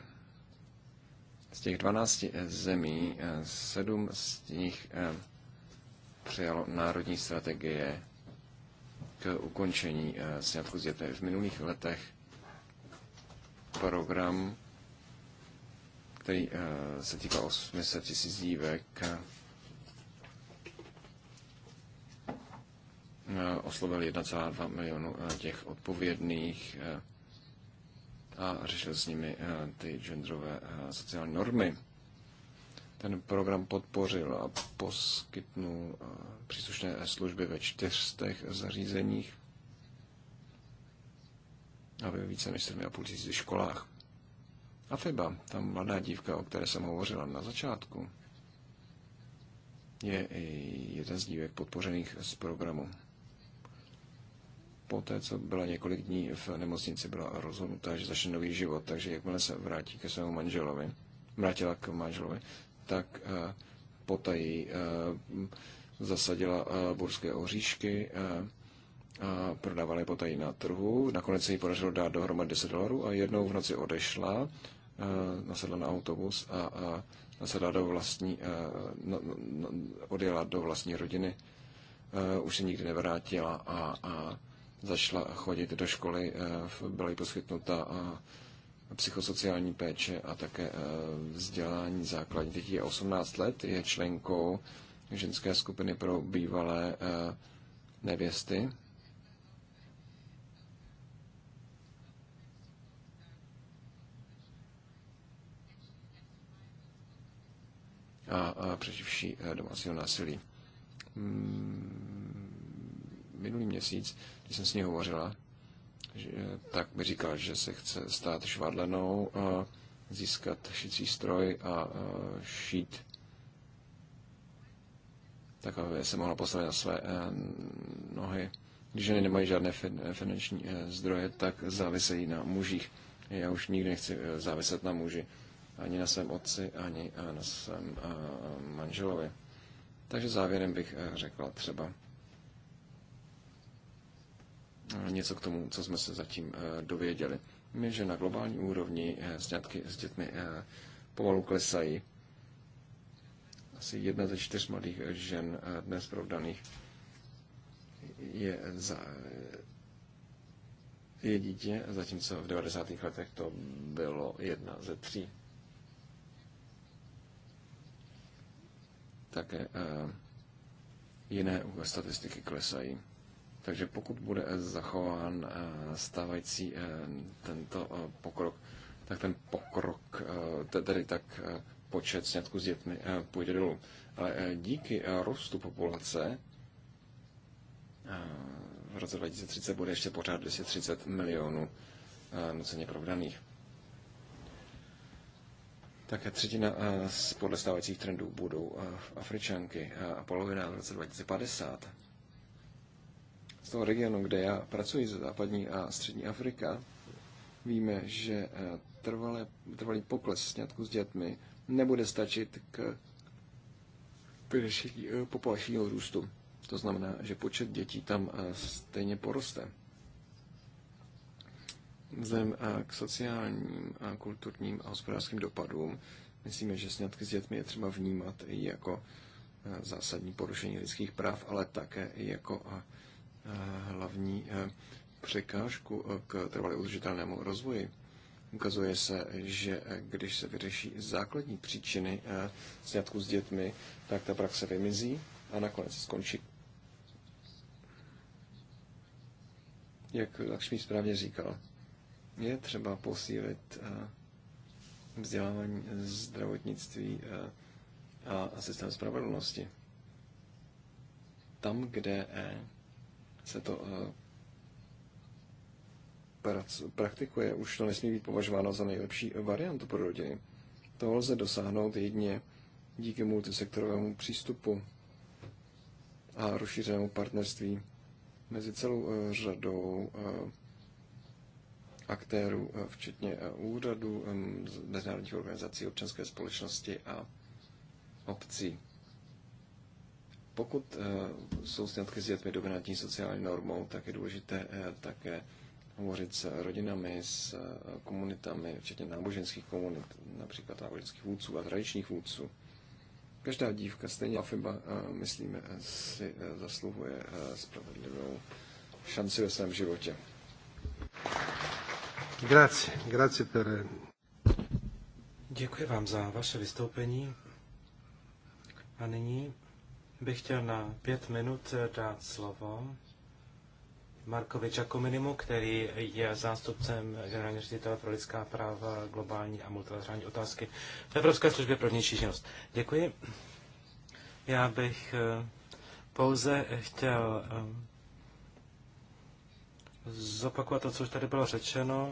Z těch 12 zemí, sedm z nich přijalo národní strategie k ukončení sňatku s dětmi. V minulých letech program, který eh, se týká 800 tisíc dívek, eh, oslovil 1,2 milionu eh, těch odpovědných a řešil s nimi ty genderové sociální normy. Ten program podpořil a poskytnul příslušné služby ve čtyřstech zařízeních a ve více než 7,5 tisíci školách. A Feba, ta mladá dívka, o které jsem hovořila na začátku, je i jeden z dívek podpořených z programu. Poté, co byla několik dní v nemocnici, byla rozhodnutá, že začne nový život, takže jakmile se vrátí ke svému manželovi, vrátila k manželovi, tak eh, poté eh, zasadila eh, burské oříšky, a prodávali potají na trhu. Nakonec se jí podařilo dát dohromady 10 dolarů a jednou v noci odešla, eh, nasedla na autobus a, a nasedla do vlastní, na, eh, na, no, no, no, odjela do vlastní rodiny. Eh, už se nikdy nevrátila a, a začala chodit do školy, byla jí poskytnuta psychosociální péče a také vzdělání základní dětí. 18 let je členkou ženské skupiny pro bývalé nevěsty a, a přeživší eh, domácího násilí. Mm, minulý měsíc, když jsem s ní hovořila, že, eh, tak mi říkal, že se chce stát švadlenou, a získat šicí stroj a, a šít tak aby se mohla postavit na své eh, nohy. Když ženy nemají žádné finanční zdroje, tak závisejí na mužích. Já už nikdy nechci záviset na muži ani na svém otci, ani na svém manželovi. Takže závěrem bych e, řekla třeba e, něco k tomu, co jsme se zatím e, dověděli. My, že na globální úrovni sňatky s dětmi pomalu klesají. Asi jedna ze čtyř mladých žen dnes provdaných je, za, je dítě, zatímco v 90. letech to bylo jedna ze tří. také eh, jiné statistiky klesají. Takže pokud bude eh, zachován eh, stávající tento pokrok, tak ten pokrok, tedy tak počet snědků s dětmi půjde dolů. Ale díky růstu populace v roce 2030 bude ještě pořád 230 milionů nuceně provdaných. Tak třetina eh, z podle stávajících trendů budou eh, Afričanky eh, a polovina v roce 2050. Z toho regionu, kde já pracuji, ze západní a střední Afrika, víme, že trvalé, trvalý pokles sňatku s dětmi nebude stačit k vyřešení populačního růstu. To znamená, že počet dětí tam stejně poroste. Vzhledem eh, k sociálním, a kulturním a hospodářským dopadům myslíme, že sňatky s dětmi je třeba vnímat i jako eh, zásadní porušení lidských práv, ale také i jako eh, hlavní překážku k trvalé udržitelnému rozvoji. Ukazuje se, že když se vyřeší základní příčiny sňatku s dětmi, tak ta praxe vymizí a nakonec skončí. Jak Lakšmí správně říkal, je třeba posílit eh, vzdělávání eh, zdravotnictví eh, a systém spravedlnosti. Tam, kde se to praktikuje, už to nesmí být považováno za nejlepší variantu pro rodiny. To lze dosáhnout jedině díky multisektorovému přístupu a rozšířenému partnerství mezi celou řadou aktérů, eh, včetně eh, úřadů, mezinárodních organizací, občanské společnosti a obcí. Pokud eh, jsou sňatky s dětmi dominantní sociální normou, tak je důležité také hovořit s rodinami, s komunitami, včetně náboženských komunit, například náboženských vůdců a tradičních vůdců. Každá dívka, stejně Afiba, jako myslíme, si zasluhuje spravedlivou šanci ve svém životě. Grazie, grazie per... Děkuji vám za vaše vystoupení. A nyní bych chtěl na pět minut dát slovo Markovi Giacominimu, který je zástupcem generálního ředitele pro lidská práva, globální a multilaterální otázky v Evropské službě pro vnější činnost. Děkuji. Já bych eh, pouze chtěl eh, zopakovat to, co už tady bylo řečeno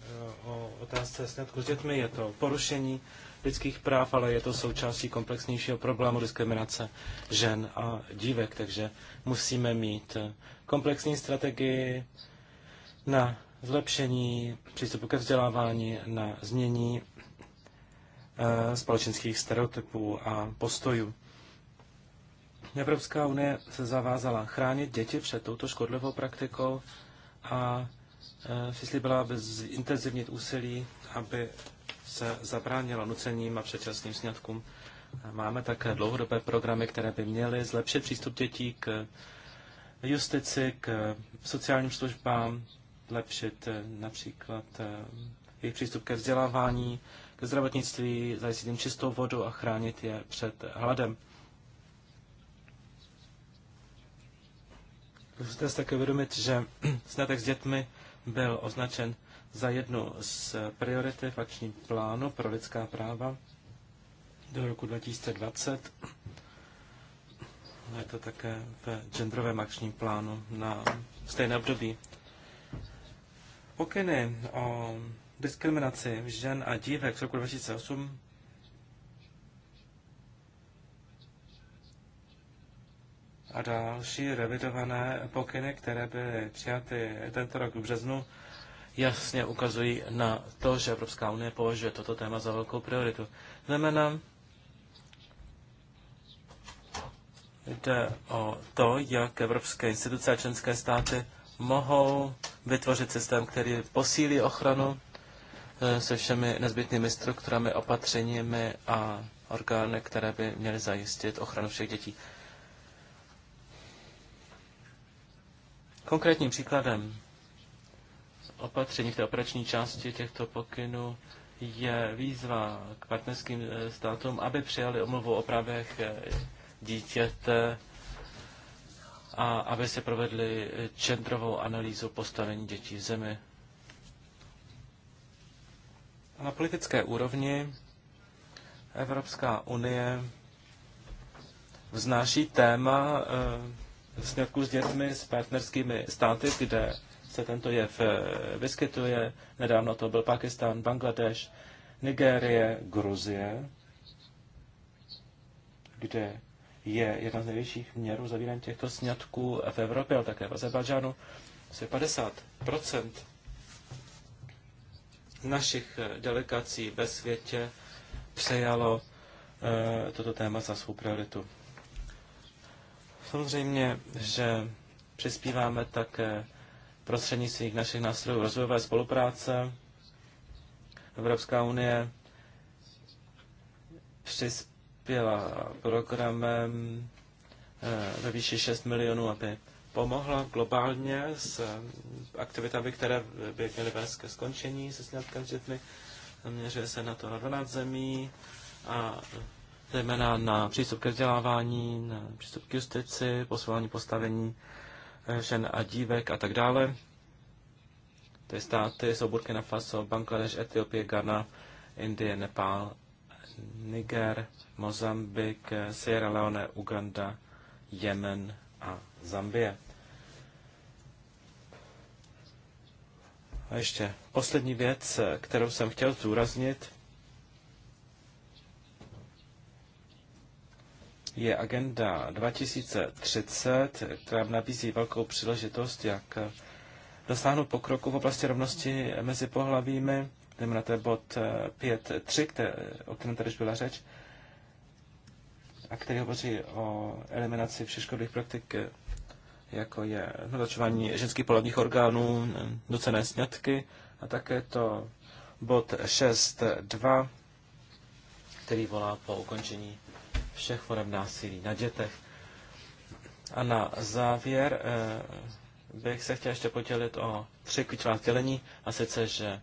eh, o otázce snědku s dětmi. Je to porušení lidských práv, ale je to součástí komplexnějšího problému diskriminace žen a dívek, takže musíme mít eh, komplexní strategii na zlepšení přístupu ke vzdělávání, na změní eh, společenských stereotypů a postojů. Evropská unie se zavázala chránit děti před touto škodlivou praktikou a eh, si by zintenzivnit úsilí, aby se zabránila nuceným a předčasným sňatkům. Eh, máme také dlouhodobé programy, které by měly zlepšit přístup dětí k justici, k eh, sociálním službám, zlepšit například jejich přístup ke vzdělávání, ke zdravotnictví, zajistit jim čistou vodu a chránit je před hladem. Musíte si také uvědomit, že snadek s dětmi byl označen za jednu z priority v akčním plánu pro lidská práva do roku 2020. Je to také v genderovém akčním plánu na stejné období. Pokyny o diskriminaci žen a dívek z roku 2008 a další revidované pokyny, které byly přijaty tento rok v březnu, jasně ukazují na to, že Evropská unie považuje toto téma za velkou prioritu. Znamená, jde o to, jak evropské instituce a členské státy mohou vytvořit systém, který posílí ochranu eh, se všemi nezbytnými strukturami, opatřeními a orgány, které by měly zajistit ochranu všech dětí. Konkrétním příkladem opatření v té operační části těchto pokynů je výzva k partnerským eh, státům, aby přijali omluvu o právech eh, dítěte a aby se provedli čendrovou eh, analýzu postavení dětí v zemi. Na politické úrovni Evropská unie vznáší téma sňatků s dětmi s partnerskými státy, kde se tento jev eh, vyskytuje. Nedávno to byl Pakistan, Bangladeš, Nigérie, Gruzie, kde je jedna z největších měrů zavírání těchto sňatků v Evropě, ale také v Azerbajdžánu. Asi 50 našich eh, delegací ve světě přejalo e, toto téma za svou prioritu. Samozřejmě, že přispíváme také prostřednictvím našich nástrojů rozvojové spolupráce. Evropská unie přispěla programem eh, ve výši 6 milionů, aby pomohla globálně s eh, aktivitami, které by měly vést ke skončení se sňatkem s dětmi. Zaměřuje se na to na 12 zemí a zejména na přístup ke vzdělávání, na přístup k justici, posilování postavení eh, žen a dívek a tak dále. Ty státy jsou Burkina Faso, Bangladeš, Etiopie, Ghana, Indie, Nepál, Niger, Mozambik, eh, Sierra Leone, Uganda, Jemen a Zambie. A ještě poslední věc, eh, kterou jsem chtěl zdůraznit, je agenda 2030, která nabízí velkou příležitost, jak dosáhnout pokroku v oblasti rovnosti mezi pohlavími, jdeme na ten bod 5.3, eh, o kterém tady už byla řeč, a který hovoří o eliminaci všech škodlivých praktik, eh, jako je naznačování ženských pohlavních orgánů, eh, nucené sňatky a také to bod 6.2, který volá po ukončení všech forem násilí na dětech. A na závěr eh, bych se chtěl ještě podělit o tři klíčová sdělení, a sice, že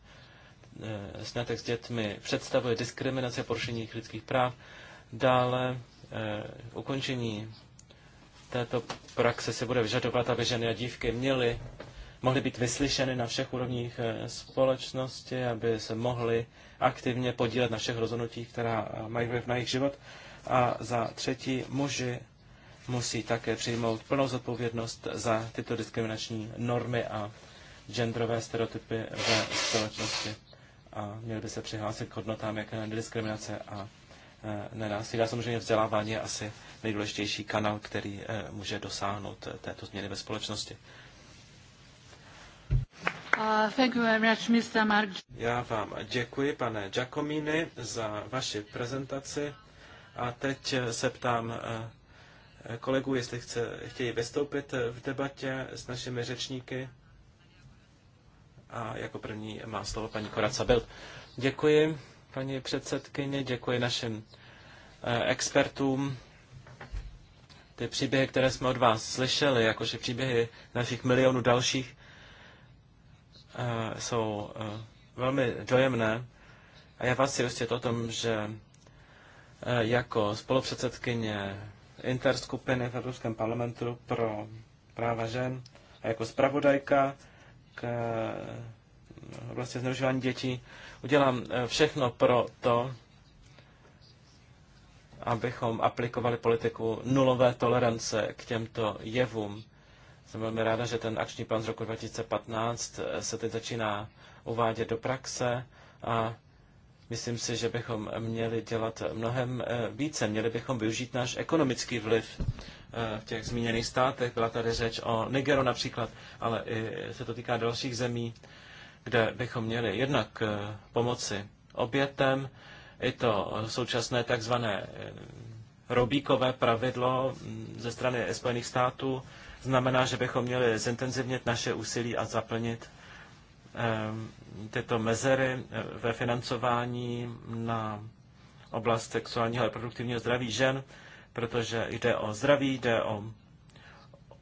eh, snětek s dětmi představuje diskriminaci porušení lidských práv, dále eh, ukončení této praxe se bude vyžadovat, aby ženy a dívky měly, mohly být vyslyšeny na všech úrovních společnosti, aby se mohly aktivně podílet na všech rozhodnutích, která mají vliv na jejich život. A za třetí, muži musí také přijmout plnou zodpovědnost za tyto diskriminační normy a genderové stereotypy ve společnosti a měli by se přihlásit k hodnotám jako diskriminace a e, nenásilí. A samozřejmě vzdělávání je asi nejdůležitější kanál, který e, může dosáhnout e, této změny ve společnosti. Uh, Já vám děkuji, pane Giacomini, za vaši prezentaci. A teď eh, se ptám eh, eh, kolegů, jestli chce, chtějí vystoupit v debatě s našimi řečníky. A jako první má slovo paní Koraca Bild. Děkuji, paní předsedkyně, děkuji našim expertům. Ty příběhy, které jsme od vás slyšeli, jakože příběhy našich milionů dalších, jsou velmi dojemné. A já vás si o tom, že Eh, jako spolupředsedkyně interskupiny v Evropském parlamentu pro práva žen a jako zpravodajka k eh, oblasti zneužívání dětí udělám eh, všechno pro to, abychom aplikovali politiku nulové tolerance k těmto jevům. Jsem velmi ráda, že ten akční plán z roku 2015 se teď začíná uvádět do praxe a Myslím si, že bychom měli dělat mnohem eh, více. Měli bychom využít náš ekonomický vliv eh, v těch zmíněných státech. Byla tady řeč o Nigeru například, ale i se to týká dalších zemí, kde bychom měli jednak eh, pomoci obětem, i to současné takzvané robíkové pravidlo mm, ze strany Spojených států znamená, že bychom měli zintenzivnit naše úsilí a zaplnit tyto mezery eh, ve financování na oblast sexuálního a reproduktivního zdraví žen, protože jde o zdraví, jde o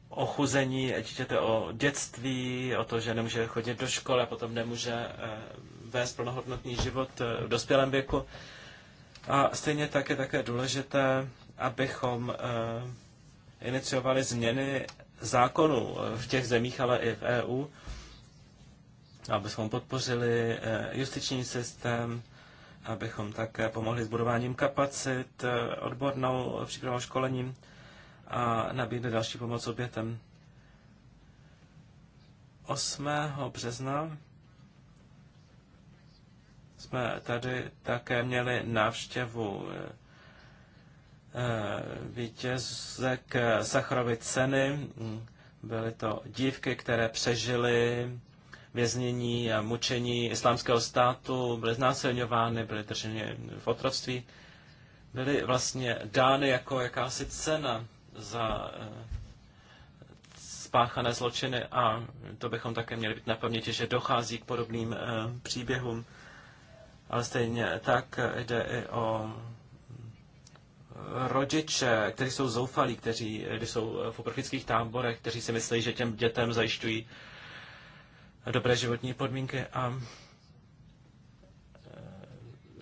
ochuzení dítěte, o dětství, o to, že nemůže chodit do školy a potom nemůže eh, vést plnohodnotný život eh, v dospělém věku. A stejně tak je také důležité, abychom iniciovali změny zákonů v těch zemích, ale i v EU, abychom podpořili eh, justiční systém, abychom také pomohli s budováním kapacit, eh, odbornou přípravou školením a nabídli další pomoc obětem. 8. března jsme tady také měli návštěvu eh, vítězek Sacharovy ceny. Byly to dívky, které přežily věznění a mučení islámského státu, byly znásilňovány, byly drženy v otroctví, byly vlastně dány jako jakási cena za eh, spáchané zločiny a to bychom také měli být na paměti, že dochází k podobným eh, příběhům. Ale stejně tak jde i o rodiče, kteří jsou zoufalí, kteří když jsou v uprchlických táborech, kteří si myslí, že těm dětem zajišťují dobré životní podmínky a e,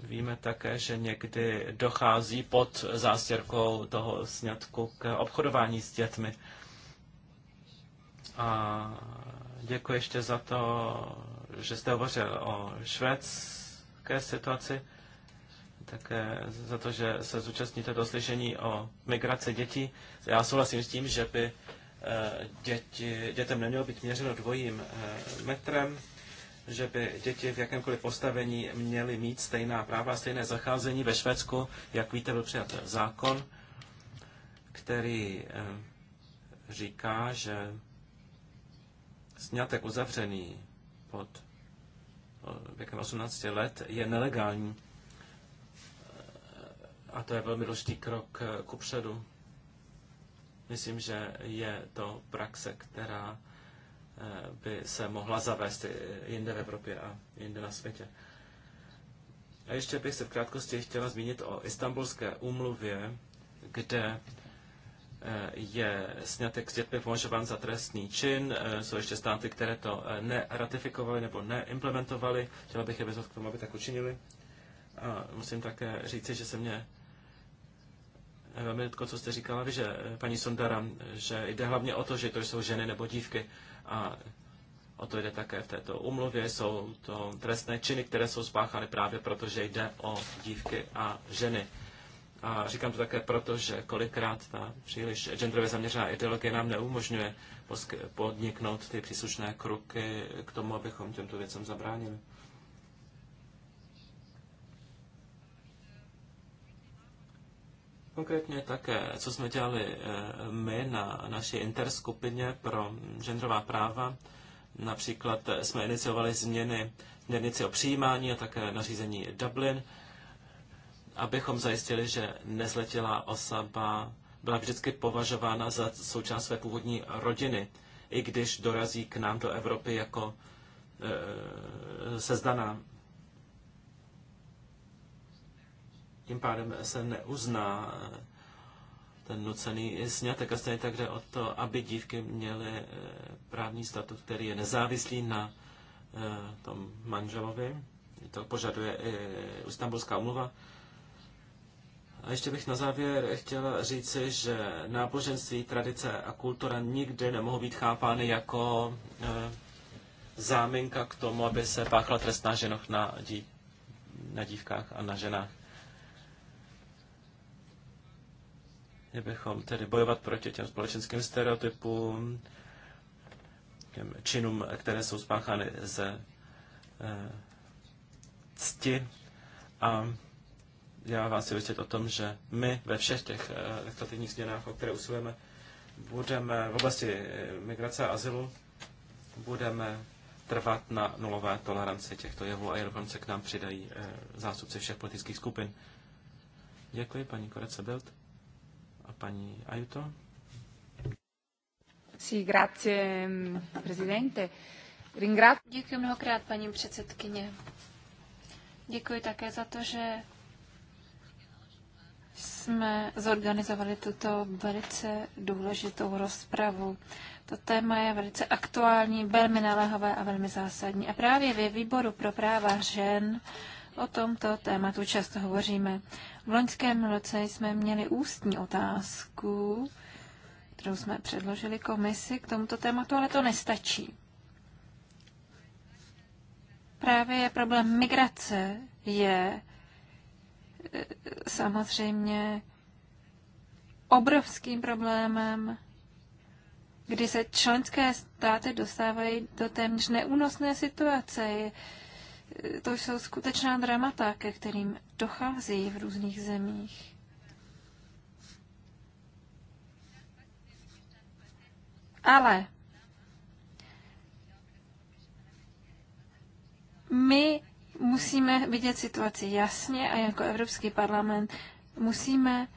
víme také, že někdy dochází pod zástěrkou toho sňatku k obchodování s dětmi. A děkuji ještě za to, že jste hovořil o švédské situaci, také za to, že se zúčastníte do slyšení o migraci dětí. Já souhlasím s tím, že by Eh, děti, dětem nemělo být měřeno dvojím eh, metrem, že by děti v jakémkoliv postavení měly mít stejná práva a stejné zacházení. Ve Švédsku, jak víte, byl přijat zákon, který eh, říká, že snětek uzavřený pod věkem 18 let je nelegální. A to je velmi důležitý krok ku předu. Myslím, že je to praxe, která eh, by se mohla zavést jinde v Evropě a jinde na světě. A ještě bych se v krátkosti chtěla zmínit o istambulské úmluvě, kde eh, je snětek s dětmi považován za trestný čin. Eh, jsou ještě státy, které to neratifikovaly nebo neimplementovaly. Chtěla bych je vyzvat k tomu, aby tak učinili. A musím také říci, že se mě velmi to, co jste říkala že eh, paní Sondara, že jde hlavně o to, že to jsou ženy nebo dívky a o to jde také v této umluvě. Jsou to trestné činy, které jsou spáchány právě proto, že jde o dívky a ženy. A říkám to také proto, že kolikrát ta příliš genderově zaměřená ideologie nám neumožňuje podniknout ty příslušné kroky k tomu, abychom těmto věcem zabránili. Konkrétně také, co jsme dělali eh, my na naší interskupině pro genderová práva. Například eh, jsme iniciovali změny směrnici o přijímání a také nařízení Dublin, abychom zajistili, že nezletělá osoba byla vždycky považována za součást své původní rodiny, i když dorazí k nám do Evropy jako e, eh, sezdaná tím pádem se neuzná eh, ten nucený snětek. A stejně tak jde o to, aby dívky měly eh, právní statut, který je nezávislý na eh, tom manželovi. To požaduje i Istanbulská umluva. A ještě bych na závěr chtěl říci, že náboženství, tradice a kultura nikdy nemohou být chápány jako záminka k tomu, aby se páchla trestná ženoch na, dí, na dívkách a na ženách. Měli tedy bojovat proti těm společenským stereotypům, těm činům, které jsou spáchány ze e, cti. A já vás chci ujistit o tom, že my ve všech těch e, legislativních změnách, o které usilujeme, budeme v oblasti eh, migrace a azylu, budeme trvat na nulové toleranci těchto jevů a se k nám přidají e, zástupci všech politických skupin. Děkuji, paní Korece Bild paní Ajuto. Sí, grazie, prezidente. Ringrat. Děkuji mnohokrát, paní předsedkyně. Děkuji také za to, že jsme zorganizovali tuto velice důležitou rozpravu. To téma je velice aktuální, velmi naléhavé a velmi zásadní. A právě ve výboru pro práva žen O tomto tématu často hovoříme. V loňském roce jsme měli ústní otázku, kterou jsme předložili komisi k tomuto tématu, ale to nestačí. Právě je problém migrace je e, samozřejmě obrovským problémem, kdy se členské státy dostávají do téměř neúnosné situace to jsou skutečná dramata, ke kterým dochází v různých zemích. Ale my musíme vidět situaci jasně a jako Evropský parlament musíme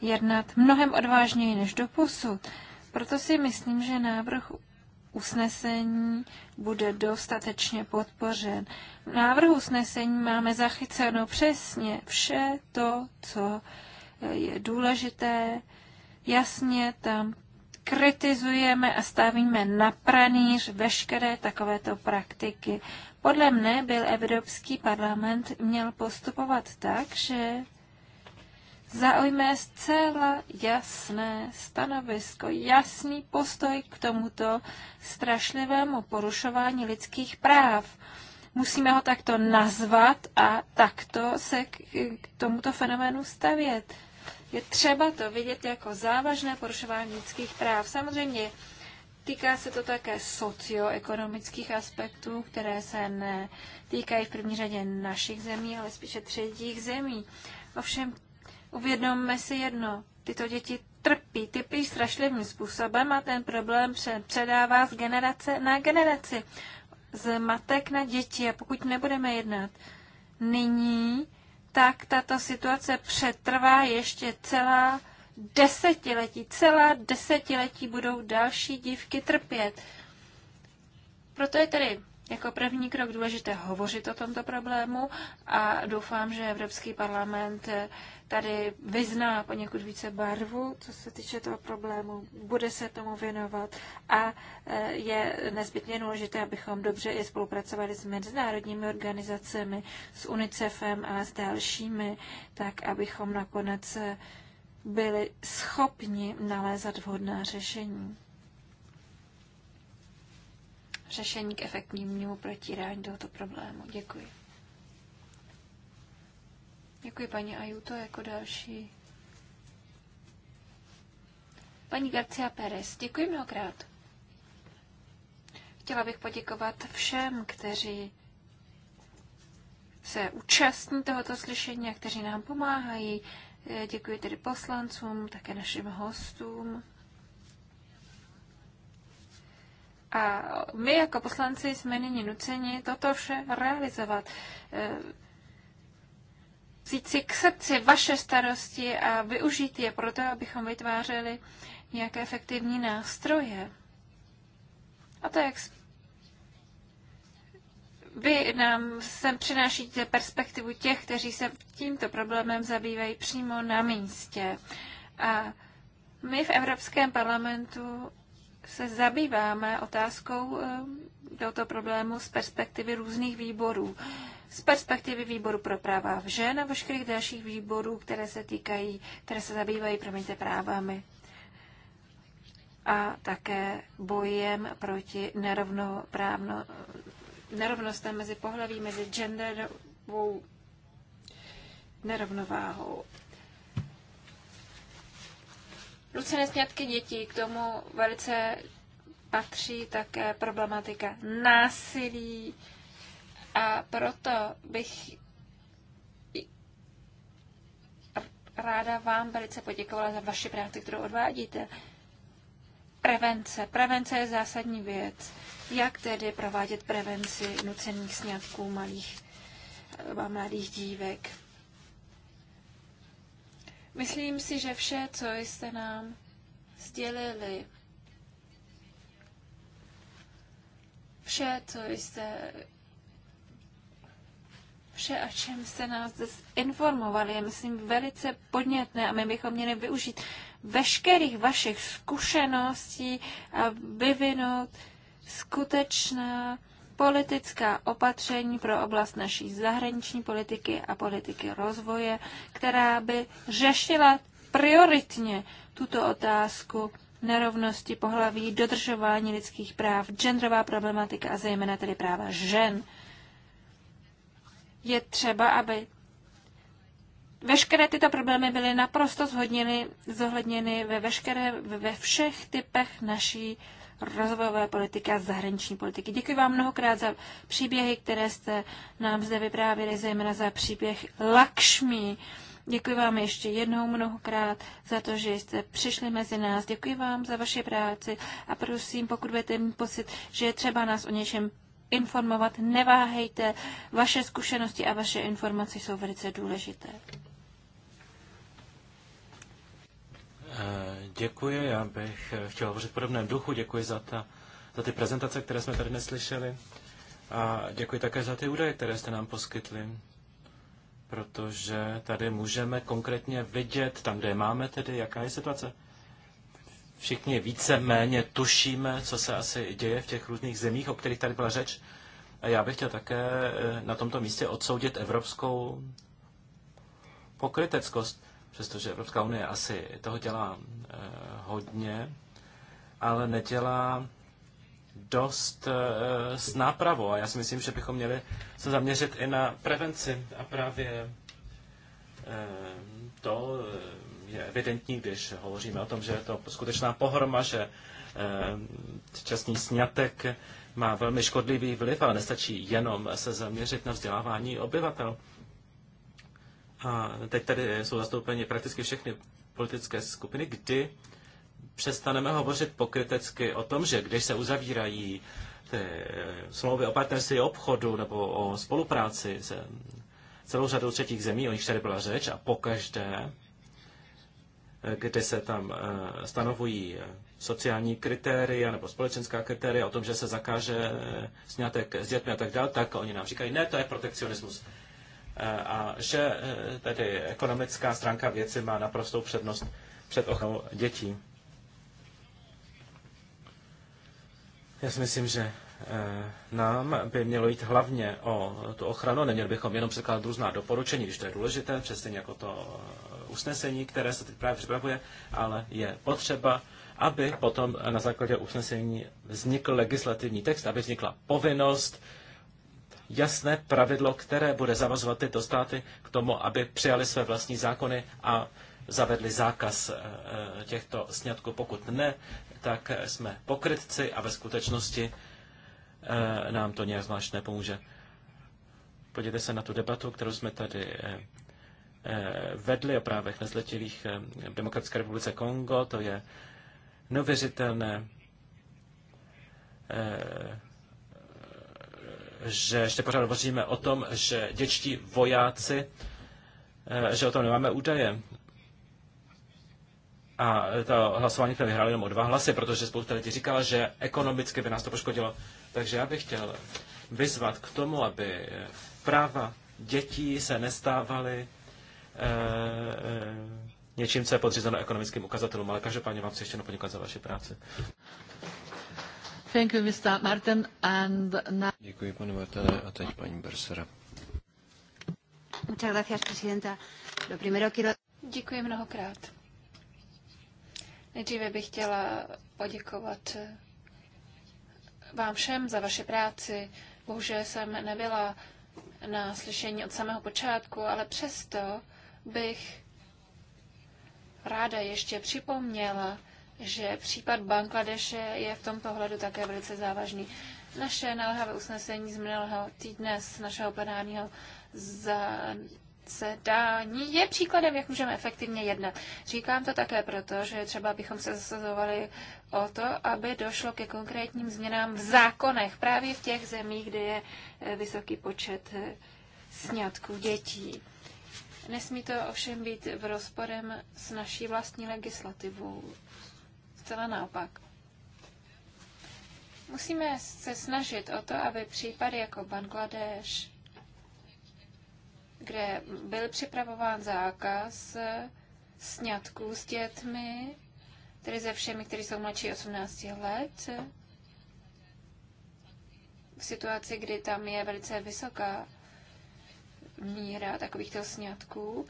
jednat mnohem odvážněji než doposud. Proto si myslím, že návrh usnesení bude dostatečně podpořen. V návrhu usnesení máme zachyceno přesně vše to, co je důležité. Jasně tam kritizujeme a stavíme na pranýř veškeré takovéto praktiky. Podle mne byl Evropský parlament měl postupovat tak, že zaujme zcela jasné stanovisko, jasný postoj k tomuto strašlivému porušování lidských práv. Musíme ho takto nazvat a takto se k, k tomuto fenoménu stavět. Je třeba to vidět jako závažné porušování lidských práv. Samozřejmě Týká se to také socioekonomických aspektů, které se netýkají v první řadě našich zemí, ale spíše třetích zemí. Ovšem Uvědomme si jedno, tyto děti trpí, trpí strašlivým způsobem a ten problém předává z generace na generaci, z matek na děti. A pokud nebudeme jednat nyní, tak tato situace přetrvá ještě celá desetiletí. Celá desetiletí budou další dívky trpět. Proto je tedy jako první krok důležité hovořit o tomto problému a doufám, že Evropský parlament tady vyzná poněkud více barvu, co se týče toho problému, bude se tomu věnovat a e, je nezbytně důležité, abychom dobře i spolupracovali s mezinárodními organizacemi, s UNICEFem a s dalšími, tak abychom nakonec byli schopni nalézat vhodná řešení řešení k efektivnímu protírání tohoto problému. Děkuji. Děkuji paní Ajuto jako další. Paní Garcia Pérez, děkuji mnohokrát. Chtěla bych poděkovat všem, kteří se účastní tohoto slyšení a kteří nám pomáhají. Děkuji tedy poslancům, také našim hostům. A my jako poslanci jsme nyní nuceni toto vše realizovat. E, vzít si k srdci vaše starosti a využít je proto, abychom vytvářeli nějaké efektivní nástroje. A to, jak vy nám sem přinášíte perspektivu těch, kteří se tímto problémem zabývají přímo na místě. A my v Evropském parlamentu se zabýváme otázkou eh, tohoto problému z perspektivy různých výborů. Z perspektivy výboru pro práva žen a veškerých dalších výborů, které se týkají, které se zabývají, promiňte, právami a také bojem proti nerovnostem mezi pohlaví, mezi genderovou nerovnováhou. Nucené sňatky dětí, k tomu velice patří také problematika násilí a proto bych ráda vám velice poděkovala za vaši práci, kterou odvádíte. Prevence. Prevence je zásadní věc. Jak tedy provádět prevenci nucených sňatků malých a eh, mladých dívek? Myslím si, že vše, co jste nám sdělili, vše, co jste vše, o čem jste nás informovali, je, myslím, velice podnětné a my bychom měli využít veškerých vašich zkušeností a vyvinout skutečná politická opatření pro oblast naší zahraniční politiky a politiky rozvoje, která by řešila prioritně tuto otázku nerovnosti pohlaví, dodržování lidských práv, genderová problematika a zejména tedy práva žen. Je třeba, aby veškeré tyto problémy byly naprosto zhodněny, zohledněny ve, veškeré, ve všech typech naší rozvojové politiky a zahraniční politiky. Děkuji vám mnohokrát za příběhy, které jste nám zde vyprávěli, zejména za příběh Lakšmi. Děkuji vám ještě jednou mnohokrát za to, že jste přišli mezi nás. Děkuji vám za vaši práci a prosím, pokud budete mít pocit, že je třeba nás o něčem informovat, neváhejte. Vaše zkušenosti a vaše informace jsou velice důležité. Eh, děkuji, já bych eh, chtěl hovořit v podobném duchu. Děkuji za, ta, za ty prezentace, které jsme tady neslyšeli. A děkuji také za ty údaje, které jste nám poskytli, protože tady můžeme konkrétně vidět, tam, kde máme tedy, jaká je situace. Všichni více méně tušíme, co se asi děje v těch různých zemích, o kterých tady byla řeč. A já bych chtěl také eh, na tomto místě odsoudit evropskou pokryteckost přestože Evropská unie asi toho dělá eh, hodně, ale nedělá dost eh, s nápravou. A já si myslím, že bychom měli se zaměřit i na prevenci. A právě eh, to je evidentní, když hovoříme o tom, že je to skutečná pohroma, že časný snětek má velmi škodlivý vliv, ale nestačí jenom se zaměřit na vzdělávání obyvatel teď tady jsou zastoupeny prakticky všechny politické skupiny, kdy přestaneme hovořit pokrytecky o tom, že když se uzavírají ty eh, smlouvy o partnerství obchodu nebo o spolupráci se celou řadou třetích zemí, o nich tady byla řeč, a pokaždé, eh, kdy se tam eh, stanovují sociální kritéria nebo společenská kritéria o tom, že se zakáže snětek s dětmi a tak dále, tak oni nám říkají, ne, to je protekcionismus. Eh, a že eh, tedy ekonomická stránka věci má naprostou přednost před ochranou dětí. Já si myslím, že eh, nám by mělo jít hlavně o tu ochranu, neměli bychom jenom překládat různá doporučení, když to je důležité, přesně jako to usnesení, které se teď právě připravuje, ale je potřeba, aby potom na základě usnesení vznikl legislativní text, aby vznikla povinnost jasné pravidlo, které bude zavazovat tyto státy k tomu, aby přijali své vlastní zákony a zavedli zákaz eh, eh, těchto sňatků. Pokud ne, tak jsme pokrytci a ve skutečnosti eh, nám to nějak zvlášť nepomůže. Podívejte se na tu debatu, kterou jsme tady vedli o právech nezletilých v Demokratické republice Kongo. To je neuvěřitelné že ještě pořád hovoříme o tom, že děčtí vojáci, eh, že o tom nemáme údaje. A to hlasování které vyhráli jenom o dva hlasy, protože spousta lidí říkala, že ekonomicky by nás to poškodilo. Takže já bych chtěl vyzvat k tomu, aby eh, práva dětí se nestávaly eh, eh, něčím, co je podřízeno ekonomickým ukazatelům. Ale každopádně vám chci ještě poděkovat za vaši práci. Děkuji, pane A paní presidenta. Děkuji mnohokrát. Nejdříve bych chtěla poděkovat vám všem za vaši práci. Bohužel jsem nebyla na slyšení od samého počátku, ale přesto bych ráda ještě připomněla, že případ Bangladeše je v tomto hledu také velice závažný. Naše naléhavé usnesení z minulého týdne z našeho plenárního zasedání je příkladem, jak můžeme efektivně jednat. Říkám to také proto, že třeba bychom se zasazovali o to, aby došlo ke konkrétním změnám v zákonech právě v těch zemích, kde je eh, vysoký počet eh, sňatků dětí. Nesmí to ovšem být v rozporem s naší vlastní legislativou zcela naopak. Musíme se snažit o to, aby případy jako Bangladeš, kde byl připravován zákaz sňatků s dětmi, tedy se všemi, kteří jsou mladší 18 let, v situaci, kdy tam je velice vysoká míra takovýchto sňatků,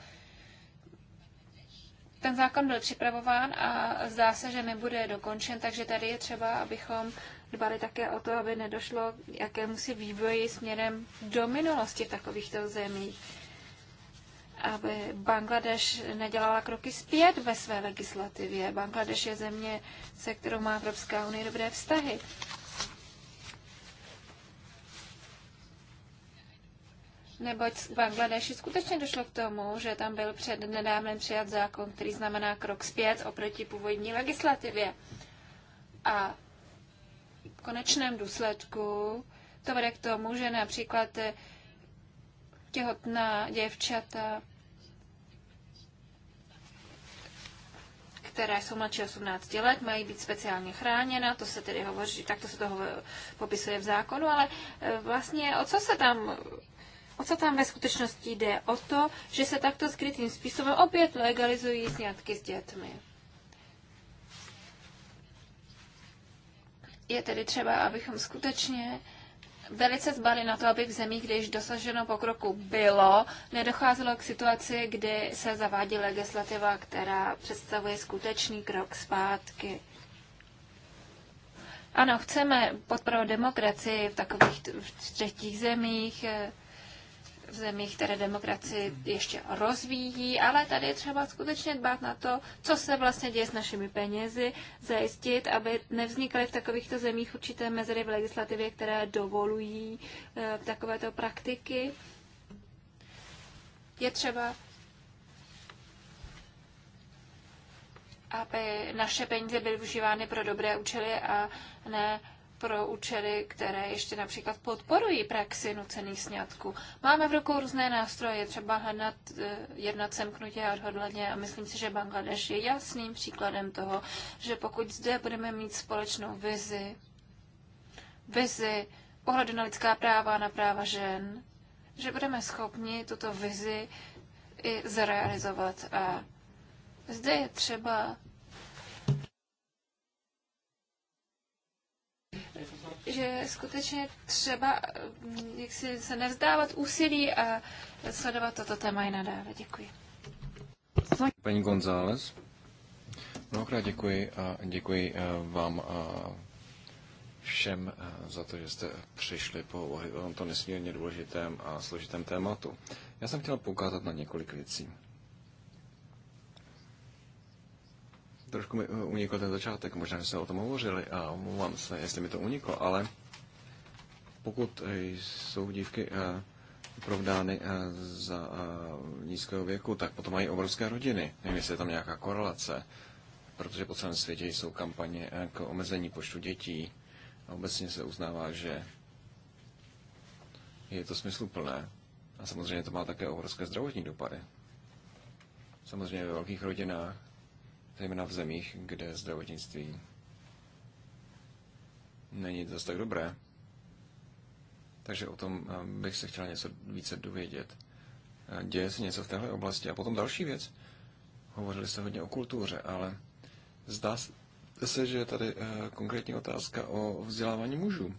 ten zákon byl připravován a zdá se, že nebude dokončen, takže tady je třeba, abychom dbali také o to, aby nedošlo k si vývoji směrem do minulosti v takovýchto zemích. Aby Bangladeš nedělala kroky zpět ve své legislativě. Bangladeš je země, se kterou má Evropská unie dobré vztahy. neboť v Bangladeši skutečně došlo k tomu, že tam byl před nedávnem přijat zákon, který znamená krok zpět oproti původní legislativě. A v konečném důsledku to vede k tomu, že například těhotná děvčata, které jsou mladší 18 let, mají být speciálně chráněna, to se tedy hovoří, tak to se to popisuje v zákonu, ale e, vlastně o co se tam O co tam ve skutečnosti jde? O to, že se takto skrytým způsobem opět legalizují sňatky s dětmi. Je tedy třeba, abychom skutečně velice zbali na to, aby v zemích, kde již dosaženo pokroku bylo, nedocházelo k situaci, kdy se zavádí legislativa, která představuje skutečný krok zpátky. Ano, chceme podporovat demokracii v takových třetích zemích, eh, v zemích, které demokracii ještě rozvíjí, ale tady je třeba skutečně dbát na to, co se vlastně děje s našimi penězi, zajistit, aby nevznikaly v takovýchto zemích určité mezery v legislativě, které dovolují eh, takovéto praktiky. Je třeba aby naše peníze byly užívány pro dobré účely a ne pro účely, které ještě například podporují praxi nucených sňatků. Máme v rukou různé nástroje, třeba hledat, eh, jednat semknutě a odhodlaně a myslím si, že Bangladeš je jasným příkladem toho, že pokud zde budeme mít společnou vizi, vizi ohledu na lidská práva a na práva žen, že budeme schopni tuto vizi i zrealizovat. A zde je třeba že skutečně třeba mm, jak si se nevzdávat úsilí a sledovat toto téma i nadále. Děkuji. Paní González, mnohokrát děkuji a děkuji eh, vám a eh, všem eh, za to, že jste přišli po tomto nesmírně důležitém a složitém tématu. Já jsem chtěl poukázat na několik věcí. Trošku mi eh, unikl ten začátek, možná, že jsme o tom hovořili a omlouvám se, jestli mi to uniklo, ale pokud eh, jsou dívky eh, provdány za nízkého věku, tak potom mají obrovské rodiny. Nevím, jestli je tam nějaká korelace, protože po celém světě jsou kampaně k omezení počtu dětí a obecně se uznává, že je to smysluplné. A samozřejmě to má také obrovské zdravotní dopady. Samozřejmě ve velkých rodinách zejména v zemích, kde zdravotnictví není zase tak dobré. Takže o tom eh, bych se chtěl něco více dovědět. Eh, děje se něco v téhle oblasti. A potom další věc. Hovořili jste hodně o kultuře, ale zdá se, že je tady eh, konkrétní otázka o vzdělávání mužů.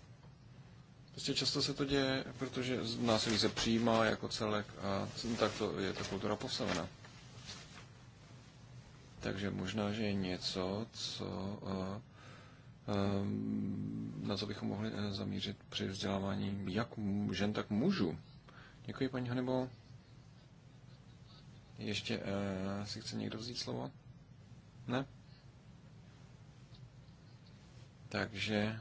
Prostě často se to děje, protože násilí se přijímá jako celek a tak to je ta kultura postavena. Takže možná, že je něco, co, eh, eh, na co bychom mohli eh, zamířit při vzdělávání jak žen, tak mužů. Děkuji, paní Hanebo. Ještě si chce někdo vzít slovo? Ne? Takže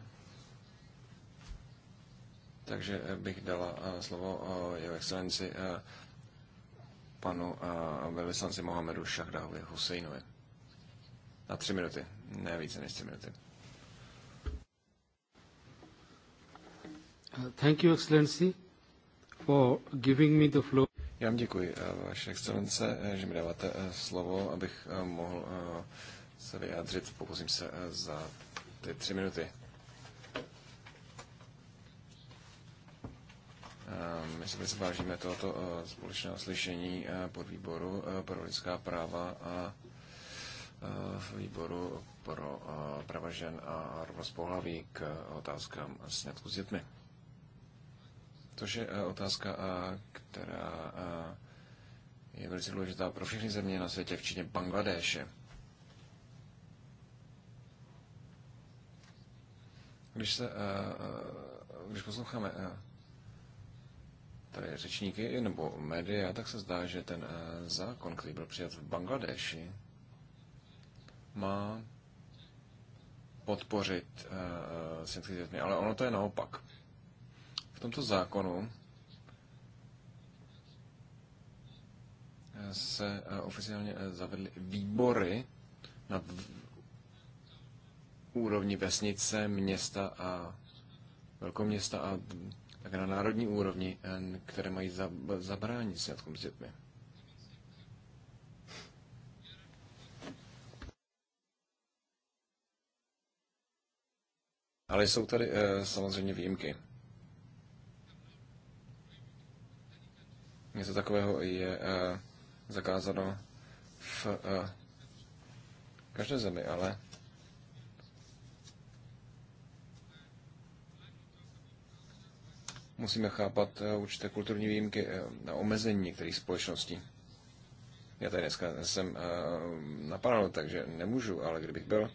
takže bych dala slovo jeho excelenci panu velvyslanci Mohamedu Šahdávě Husejnovi na tři minuty, ne více než tři minuty. Uh, thank you, Excellency, for giving me the floor. Já vám děkuji, uh, Vaše excelence, uh, že mi dáváte slovo, abych mohl se vyjádřit. Pokusím se za ty tři minuty. My si vážíme tohoto společného slyšení pod výboru pro lidská práva a Eh, výboru pro eh, prava žen a rovnost pohlaví k otázkám sňatku s dětmi. To je eh, otázka, která je velice důležitá pro všechny země na světě, včetně Bangladéše. Když se, když posloucháme tady řečníky nebo média, tak se zdá, že ten zákon, který byl přijat v Bangladeši, má podpořit uh, eh, eh, synthetic dětmi, ale ono to je naopak. V tomto zákonu se uh, oficiálně uh, zavedly výbory na v... úrovni vesnice, města a velkoměsta a také na národní úrovni, které mají za, zabránit sňatkům s dětmi. Ale jsou tady eh, samozřejmě výjimky. Něco takového je eh, zakázáno v eh, každé zemi, ale musíme chápat určité kulturní výjimky na omezení některých společností. Já tady dneska jsem na panelu, takže nemůžu, ale kdybych byl,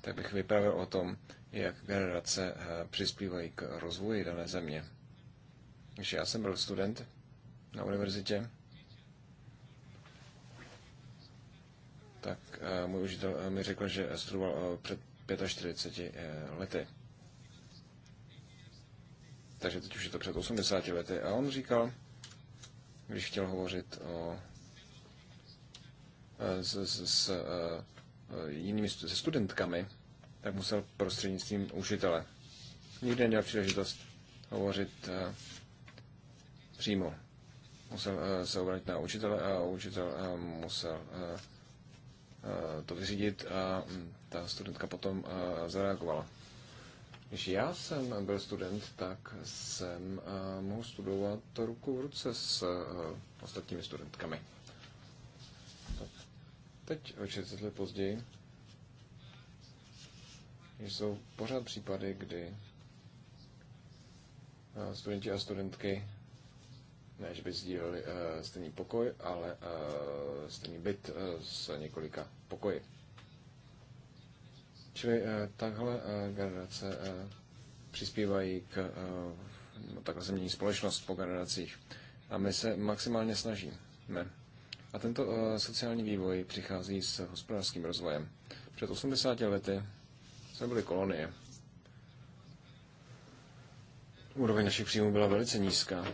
tak bych vyprávěl o tom, jak generace eh, přispívají k rozvoji dané země. Když já jsem byl student na univerzitě, tak eh, můj učitel eh, mi řekl, že studoval před 45 lety. Takže teď už je to před 80 lety. A on říkal, když chtěl hovořit o s, s, s s, jinými se studentkami, tak musel prostřednictvím učitele. Nikdy neměl příležitost hovořit eh, přímo. Musel eh, se obrátit na učitele a učitel eh, musel to vyřídit a hm, ta studentka potom zareagovala. Když já jsem byl student, tak jsem uh, mohl studovat ruku v ruce s uh, ostatními studentkami. Tak no, teď o 40 let později že jsou pořád případy, kdy eh, studenti a studentky ne, že by sdíleli uh, stejný pokoj, ale uh, stejný byt uh, s několika pokoji. Čili uh, takhle uh, generace uh, přispívají k, uh, takhle se mění společnost po generacích. A my se maximálně snažíme. A tento uh, sociální vývoj přichází s hospodářským rozvojem. Před 80 lety jsme byli kolonie. Úroveň našich příjmů byla velice nízká.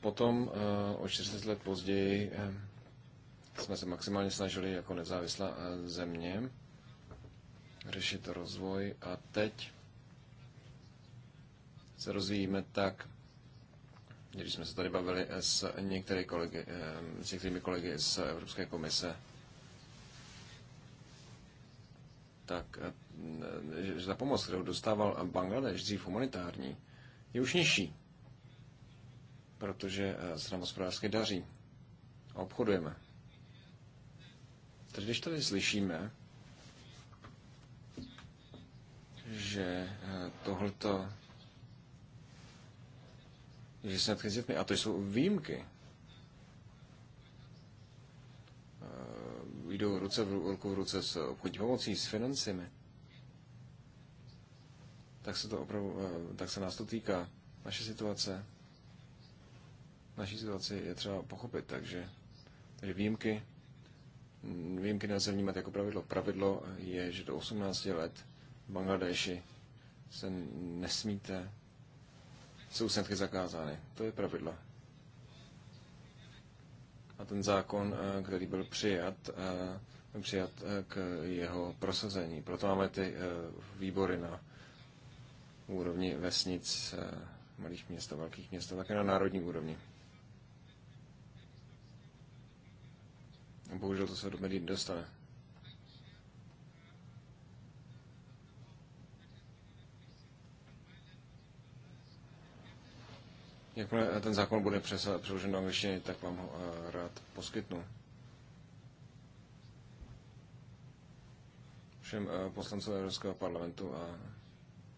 Potom eh, o 40 let později eh, jsme se maximálně snažili jako nezávislá eh, země řešit rozvoj a teď se rozvíjíme tak, když jsme se tady bavili s, kolegy, s některými kolegy z Evropské komise, tak eh, že za pomoc, kterou dostával Bangladeš, dřív humanitární, je už nižší, protože eh, se nám hospodářsky daří a obchodujeme. Takže když tady slyšíme, že eh, tohleto, že jsme s a to jsou výjimky, Eh, jdou ruce v ruku v ruce s obchodní pomocí, s financemi, tak se to opravdu, eh, tak se nás to týká. Naše situace, naší situaci je třeba pochopit, takže, takže výjimky, mm, výjimky nelze vnímat jako pravidlo. Pravidlo je, že do 18 let v Bangladeši se nesmíte, jsou sňatky zakázány. To je pravidlo a ten zákon, eh, který byl přijat, eh, přijat eh, k jeho prosazení. Proto máme ty výbory na úrovni vesnic, malých měst a velkých měst, také na národní úrovni. Bohužel to se do médií dostane. Jakmile eh, ten zákon bude přeložen do angličtiny, tak vám ho eh, rád poskytnu. Všem eh, poslancům Evropského parlamentu a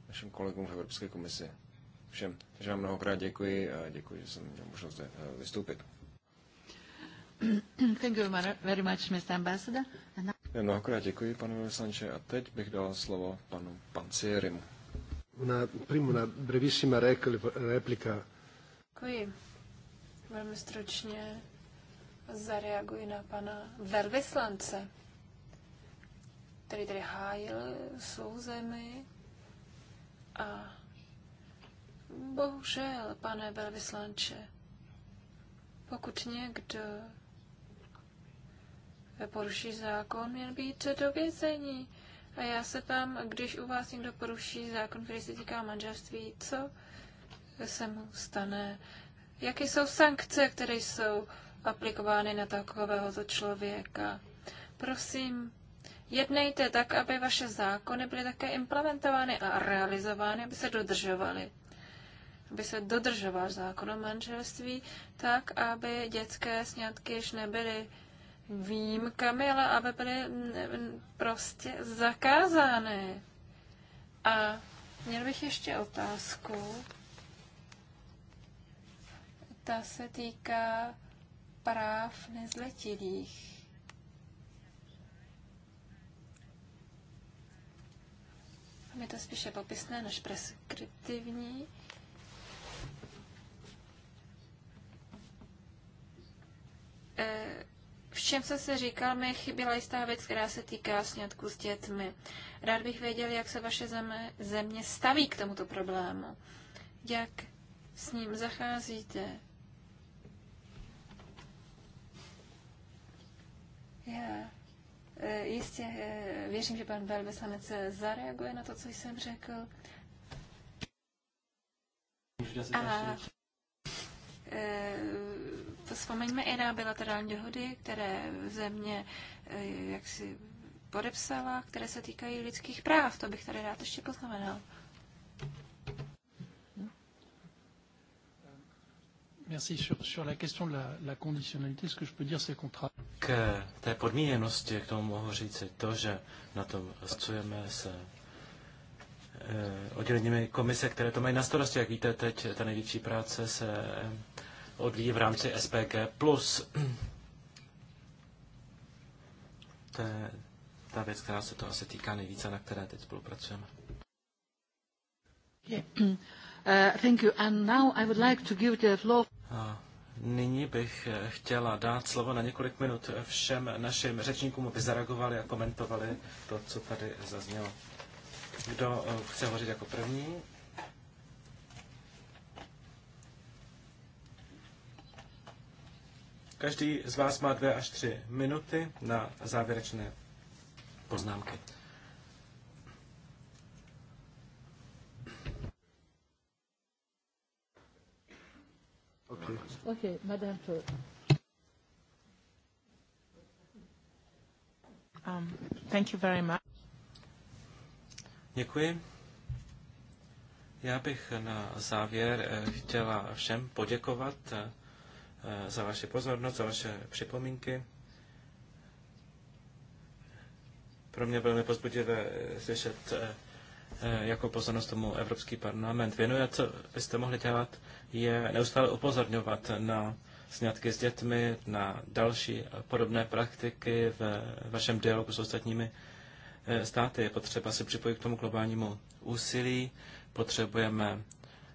našim kolegům v Evropské komisi. Všem. Takže vám mnohokrát děkuji a děkuji, že jsem měl možnost zde vystoupit. Thank you very much, Mr. Ambassador. Mnohokrát děkuji, pane Vesanče, a teď bych dal slovo panu Pancierimu. Una, prima, una brevissima replica Děkuji. Velmi stručně zareaguji na pana velvyslance, který tady hájil svou zemi a bohužel, pane velvyslanče, pokud někdo poruší zákon, měl být do vězení. A já se tam, když u vás někdo poruší zákon, který se týká manželství, co se mu stane, jaké jsou sankce, které jsou aplikovány na takovéhoto člověka. Prosím, jednejte tak, aby vaše zákony byly také implementovány a realizovány, aby se dodržovaly aby se dodržoval zákon o manželství, tak, aby dětské sňatky již nebyly výjimkami, ale aby byly mm, prostě zakázány. A měl bych ještě otázku. Ta se týká práv nezletilých. Tam je to spíše popisné než preskriptivní. E, v čem jsem se říkal, mi chyběla jistá věc, která se týká sňatku s dětmi. Rád bych věděl, jak se vaše země, země staví k tomuto problému. Jak s ním zacházíte? Já e, jistě e, věřím, že pan velvyslanec zareaguje na to, co jsem řekl. A e, vzpomeňme i na bilaterální dohody, které země jaksi podepsala, které se týkají lidských práv. To bych tady rád ještě poznamenal. Merci. Sur, sur la question de la, la conditionnalité, ce que je peux dire, c'est qu'on K té podmíněnosti, k tomu mohu říct to, že na tom pracujeme s eh, odděleními komise, které to mají na starosti. Jak víte, teď ta největší práce se eh, odvíjí v rámci SPG+. To je ta věc, která se to asi týká nejvíce, na které teď spolupracujeme nyní bych eh, chtěla dát slovo na několik minut eh, všem našim řečníkům, aby zareagovali a komentovali to, co tady zaznělo. Kdo eh, chce hovořit jako první? Každý z vás má dvě až tři minuty na závěrečné poznámky. Okay. Okay, Madame Um, thank you very much. Děkuji. Já bych na závěr eh, chtěla všem poděkovat eh, eh, za vaši pozornost, za vaše připomínky. Pro mě velmi pozbudivé slyšet, jakou pozornost tomu Evropský parlament věnuje, co byste mohli dělat je neustále upozorňovat na sňatky s dětmi, na další podobné praktiky v vašem dialogu s ostatními eh, státy. Je potřeba se připojit k tomu globálnímu úsilí, potřebujeme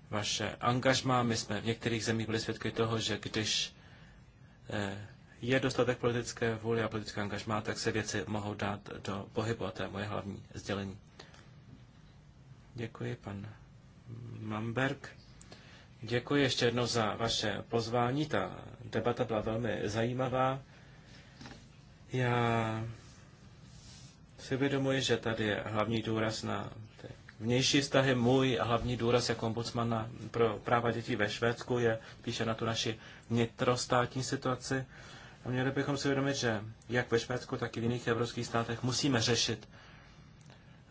vaše angažma. My jsme v některých zemích byli svědky toho, že když eh, je dostatek politické vůle a politické angažma, tak se věci mohou dát do pohybu a to je moje hlavní sdělení. Děkuji, pan Mamberg. Děkuji ještě jednou za vaše pozvání. Ta debata byla velmi zajímavá. Já si vědomuji, že tady je hlavní důraz na ty vnější vztahy. Můj hlavní důraz jako ombudsmana pro práva dětí ve Švédsku je píše na tu naši vnitrostátní situaci. A měli bychom si vědomit, že jak ve Švédsku, tak i v jiných evropských státech musíme řešit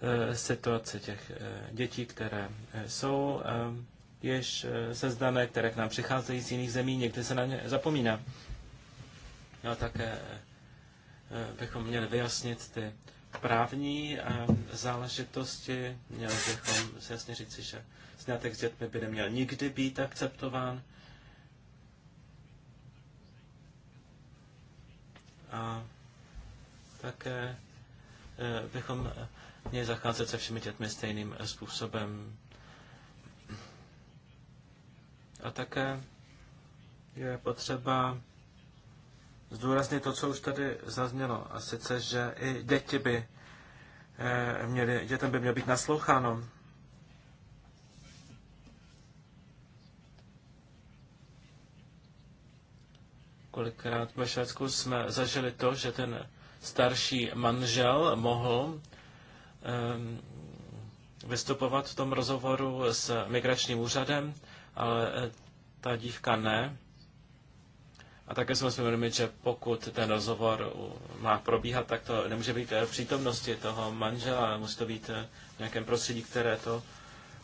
e, situaci těch e, dětí, které eh, jsou e, jež eh, se zdáme, které k nám přicházejí z jiných zemí, někdy se na ně zapomíná. No také eh, bychom měli vyjasnit ty právní eh, záležitosti, měli bychom si jasně říci, že snětek s dětmi by neměl nikdy být akceptován. A také bychom měli zacházet se všemi dětmi stejným způsobem. A také je potřeba zdůraznit to, co už tady zaznělo, a sice, že i děti by eh, měly, dětem by mělo být nasloucháno. Kolikrát ve Švédsku jsme zažili to, že ten starší manžel mohl ehm, vystupovat v tom rozhovoru s migračním úřadem ale eh, ta dívka ne. A také jsme si uvědomili, že pokud ten rozhovor má probíhat, tak to nemůže být eh, v přítomnosti toho manžela, ale musí to být eh, v nějakém prostředí, které to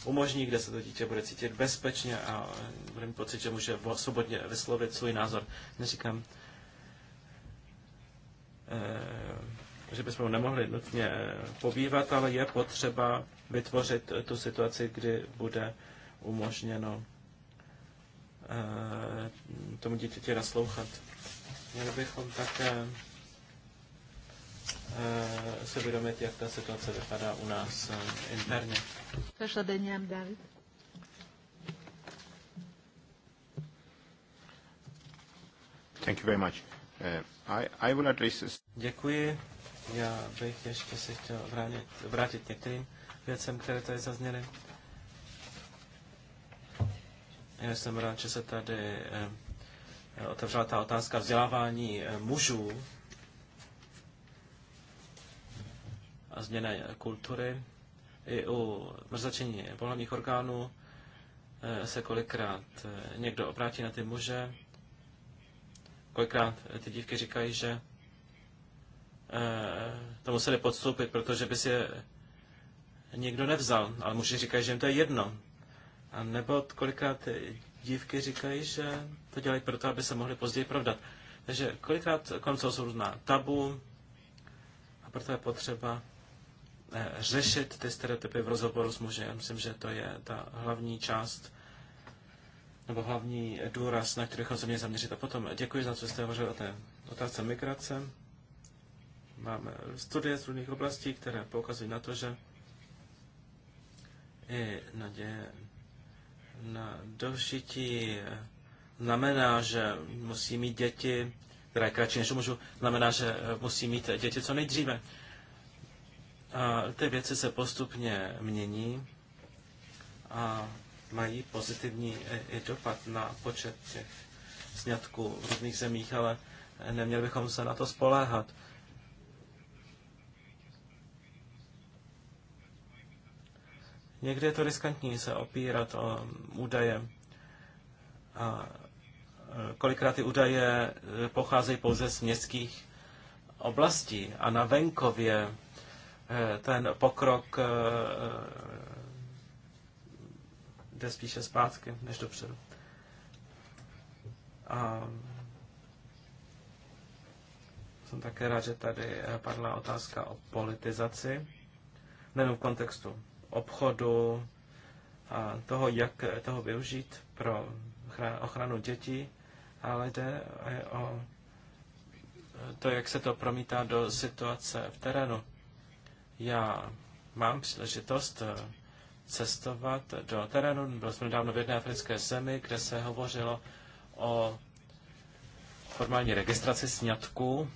umožní, kde se to dítě bude cítit bezpečně a bude mít pocit, že může svobodně vyslovit svůj názor. Neříkám, že bychom nemohli nutně pobývat, ale je potřeba vytvořit tu situaci, kdy bude umožněno Eh, tomu dítěti naslouchat. Měli bychom také eh, se vědomit, jak ta situace vypadá u nás eh, interně. Prošla Beniam David. Thank you very much. Uh, I, I will address this. Děkuji. Já bych ještě se chtěl vrátit, vrátit některým věcem, které tady zazněly. Já jsem rád, že se tady eh, otevřela ta otázka vzdělávání eh, mužů a změny kultury. I u mrzačení pohlavních orgánů eh, se kolikrát někdo obrátí na ty muže. Kolikrát ty dívky říkají, že to museli podstoupit, protože by si je nikdo nevzal. Ale muži říkají, že jim to je jedno. A nebo kolikrát dívky říkají, že to dělají proto, aby se mohly později provdat. Takže kolikrát kolem toho jsou různá tabu a proto je potřeba eh, řešit ty stereotypy v rozhovoru s muži. Já myslím, že to je ta hlavní část nebo hlavní důraz, na který bychom se měli zaměřit. A potom děkuji za to, že jste hovořil o té otázce migrace. Máme studie z různých oblastí, které poukazují na to, že i naděje na dožití eh, znamená, že musí mít děti, které kratší než můžu, znamená, že eh, musí mít děti co nejdříve. A ty věci se postupně mění a mají pozitivní eh, i dopad na počet těch snědků v různých zemích, ale neměli bychom se na to spoléhat. Někdy je to riskantní se opírat o údaje. A e, kolikrát ty údaje e, pocházejí pouze z městských oblastí a na venkově e, ten pokrok jde spíše zpátky než dopředu. A jsem také rád, že tady padla otázka o politizaci, nejenom v kontextu obchodu a toho, jak toho využít pro ochranu dětí, ale jde o to, jak se to promítá do situace v terénu. Já mám příležitost eh, cestovat do terénu. Byl jsem nedávno v jedné africké zemi, kde se hovořilo o formální registraci sňatků.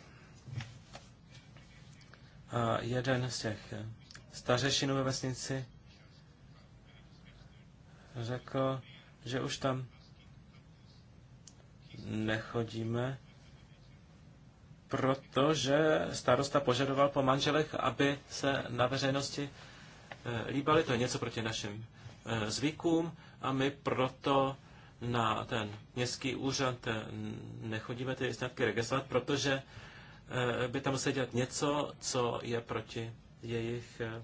A jeden z těch eh, stařešinu ve vesnici řekl, že už tam nechodíme, protože starosta požadoval po manželech, aby se na veřejnosti eh, líbali. To je něco proti našim eh, zvykům a my proto na ten městský úřad eh, nechodíme ty sňatky registrovat, protože by tam museli dělat něco, co je proti jejich eh,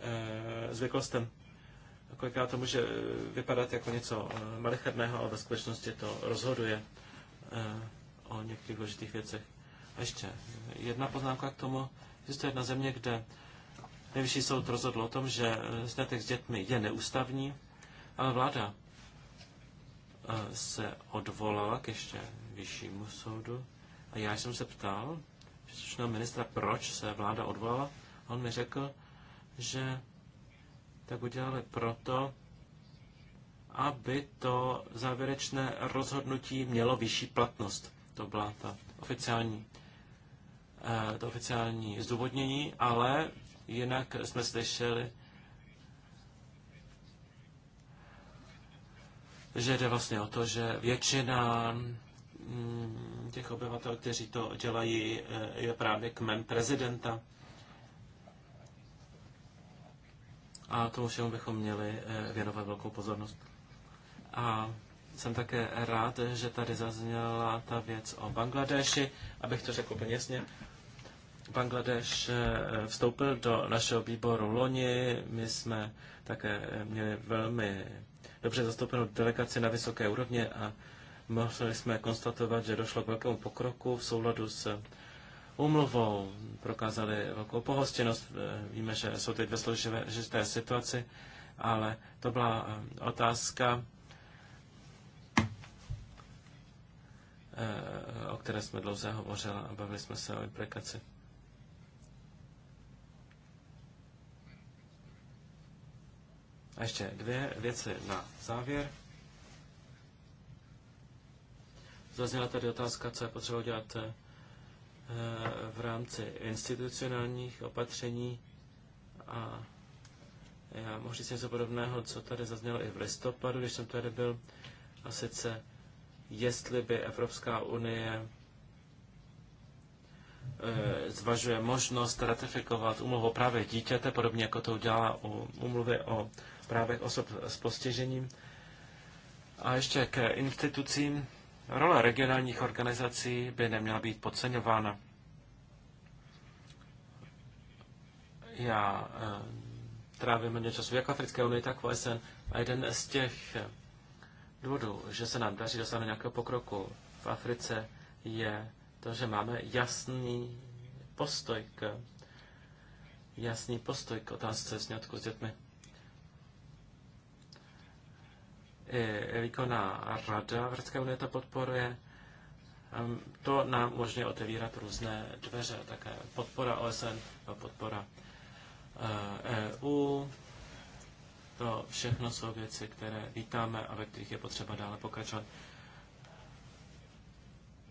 eh, zvyklostem. kolikrát to může vypadat jako něco eh, malicherného, ale ve skutečnosti to rozhoduje o některých důležitých věcech. A ještě jedna poznámka k tomu. Existuje jedna země, kde nejvyšší soud rozhodl o tom, že snětek s dětmi je neústavní, ale vláda se odvolala k ještě vyššímu soudu. A já jsem se ptal příslušného ministra, proč se vláda odvolala. On mi řekl, že tak udělali proto, aby to závěrečné rozhodnutí mělo vyšší platnost. To byla ta oficiální, eh, to oficiální zdůvodnění, ale jinak jsme slyšeli, že jde vlastně o to, že většina mm, těch obyvatel, kteří to dělají, eh, je právě kmen prezidenta. a tomu všemu bychom měli eh, věnovat velkou pozornost. A jsem také rád, že tady zazněla ta věc o Bangladeši, abych to řekl úplně jasně. Bangladeš eh, vstoupil do našeho výboru loni, my jsme také eh, měli velmi dobře zastoupenou delegaci na vysoké úrovně a mohli jsme konstatovat, že došlo k velkému pokroku v souladu s umluvou, prokázali velkou pohostinnost. Eh, Víme, že jsou teď ve složité situaci, ale to byla eh, otázka, eh, o které jsme dlouze hovořili a bavili jsme se o implikaci. A ještě dvě věci na závěr. Zazněla tady otázka, co je potřeba udělat v rámci institucionálních opatření a já mohu říct něco podobného, co tady zaznělo i v listopadu, když jsem tady byl, a sice jestli by Evropská unie eh, zvažuje možnost ratifikovat umluvu o právě dítěte, podobně jako to udělala u umluvy o právech osob s postižením. A ještě k institucím. Role regionálních organizací by neměla být podceňována. Já eh, trávím hodně času jak v Africké unii, tak v OSN. A jeden z těch eh, důvodů, že se nám daří dosáhnout nějakého pokroku v Africe, je to, že máme jasný postoj k jasný postoj k otázce sňatku s dětmi. I výkonná rada Evropské unie to podporuje. Ehm, to nám možně otevírat různé dveře, také podpora OSN podpora EU. Eh, e to všechno jsou věci, které vítáme a ve kterých je potřeba dále pokračovat.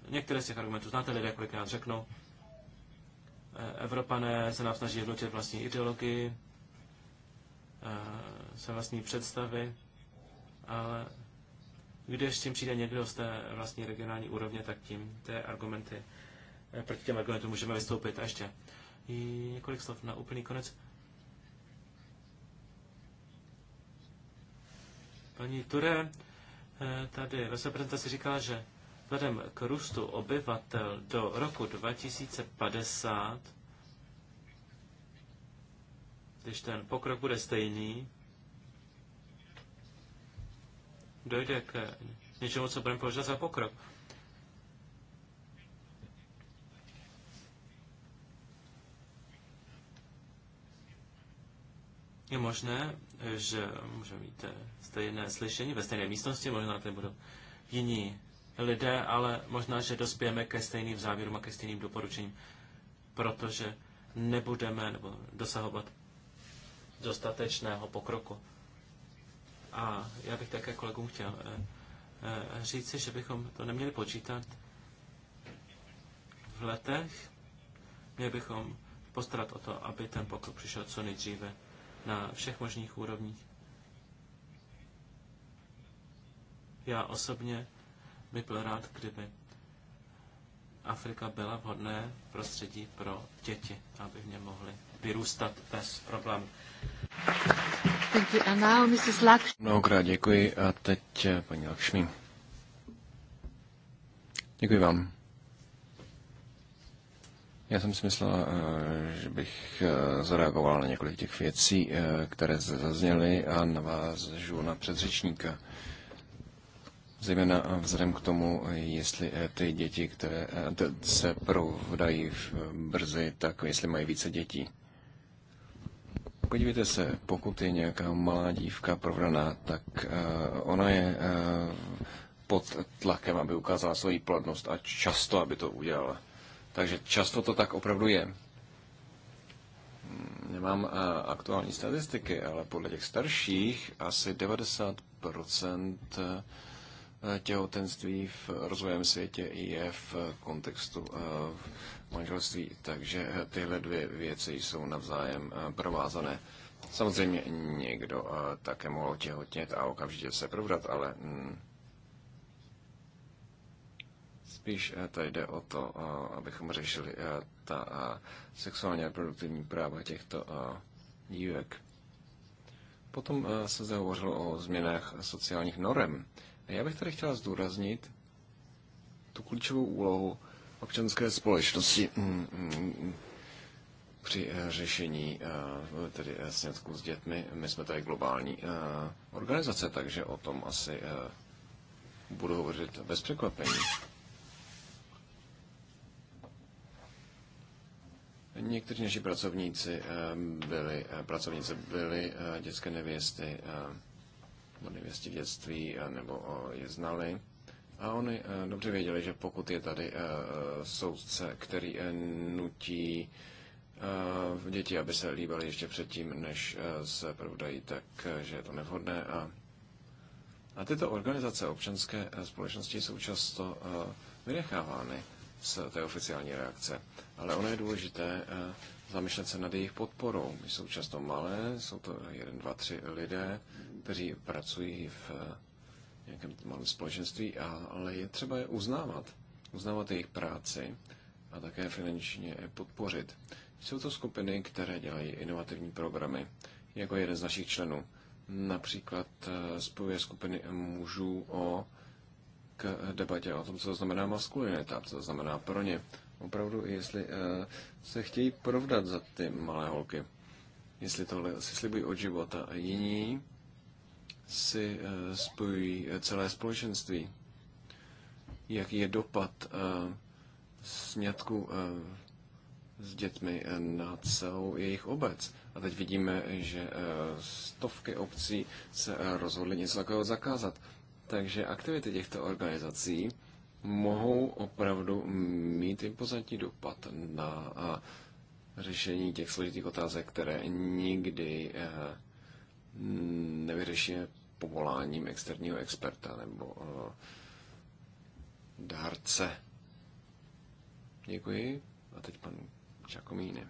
Některé z těch argumentů znáte, lidé kolikrát řeknou. Eh, Evropané se nám snaží jednotit vlastní ideologii, eh, se vlastní představy ale když s tím přijde někdo z té vlastní regionální úrovně, tak tím té argumenty, eh, proti těm argumentům můžeme vystoupit. A ještě několik slov na úplný konec. Paní Ture eh, tady ve své prezentaci říkala, že vzhledem k růstu obyvatel do roku 2050, když ten pokrok bude stejný, dojde k něčemu, co budeme považovat za pokrok. Je možné, že můžeme mít stejné slyšení ve stejné místnosti, možná tady budou jiní lidé, ale možná, že dospějeme ke stejným závěrům a ke stejným doporučením, protože nebudeme nebo dosahovat dostatečného pokroku. A já bych také kolegům chtěl eh, eh, říci, že bychom to neměli počítat v letech. Měli bychom postarat o to, aby ten pokrok přišel co nejdříve na všech možných úrovních. Já osobně bych byl rád, kdyby Afrika byla vhodné prostředí pro děti, aby v něm mohly vyrůstat bez problémů. Thank you. And now Mrs. Mnohokrát děkuji a teď eh, paní Lakšmi. Děkuji vám. Já jsem si myslel, eh, že bych eh, zareagoval na několik těch věcí, které zazněly a navážu na předřečníka. Zejména vzhledem k tomu, jestli ty děti, které se provdají v brzy, tak jestli mají více dětí. Podívejte se, pokud je nějaká malá dívka provraná, tak eh, ona je eh, pod tlakem, aby ukázala svoji plodnost a často, aby to udělala. Takže často to tak opravdu je. Nemám eh, aktuální statistiky, ale podle těch starších asi 90% těhotenství v rozvojem světě je v kontextu manželství, takže tyhle dvě věci jsou navzájem eh, provázané. Samozřejmě někdo eh, také mohl těhotnět a okamžitě se provdat, ale mm, spíš eh, tady jde o to, abychom řešili ta sexuálně reproduktivní práva těchto dívek. Potom se zde hovořilo o změnách sociálních norem. Já bych tady chtěla zdůraznit tu klíčovou úlohu, občanské společnosti mm, mm, při eh, řešení eh, tedy eh, sňatků s dětmi. My jsme tady globální organizace, takže o tom asi budu hovořit bez překvapení. Někteří naši pracovníci byli, pracovnice byly dětské nevěsty, nebo nevěsti v dětství, nebo je znali. A oni eh, dobře věděli, že pokud je tady eh, soudce, který eh, nutí děti, aby se líbali ještě předtím, než se provdají, tak že je to nevhodné. A, a tyto organizace občanské společnosti jsou často vynechávány z té oficiální reakce. Ale ono je důležité zamýšlet se nad jejich podporou. Jsou často malé, jsou to jeden, dva, tři lidé, kteří pracují v nějakém malém společenství, ale je třeba je uznávat, uznávat jejich práci a také finančně podpořit. Jsou to skupiny, které dělají inovativní programy, jako jeden z našich členů. Například eh, spojuje skupiny mužů o k debatě o tom, co to znamená maskulinita, co to znamená pro ně. Opravdu, jestli eh, se chtějí provdat za ty malé holky, jestli tohle si slibují od života. Jiní si eh, spojují eh, celé společenství. Jaký je dopad eh, sňatku s dětmi na celou jejich obec. A teď vidíme, že stovky obcí se rozhodly něco takového zakázat. Takže aktivity těchto organizací mohou opravdu mít impozantní dopad na řešení těch složitých otázek, které nikdy nevyřešíme povoláním externího experta nebo eh, dárce. Děkuji. A teď pan Čakomíny.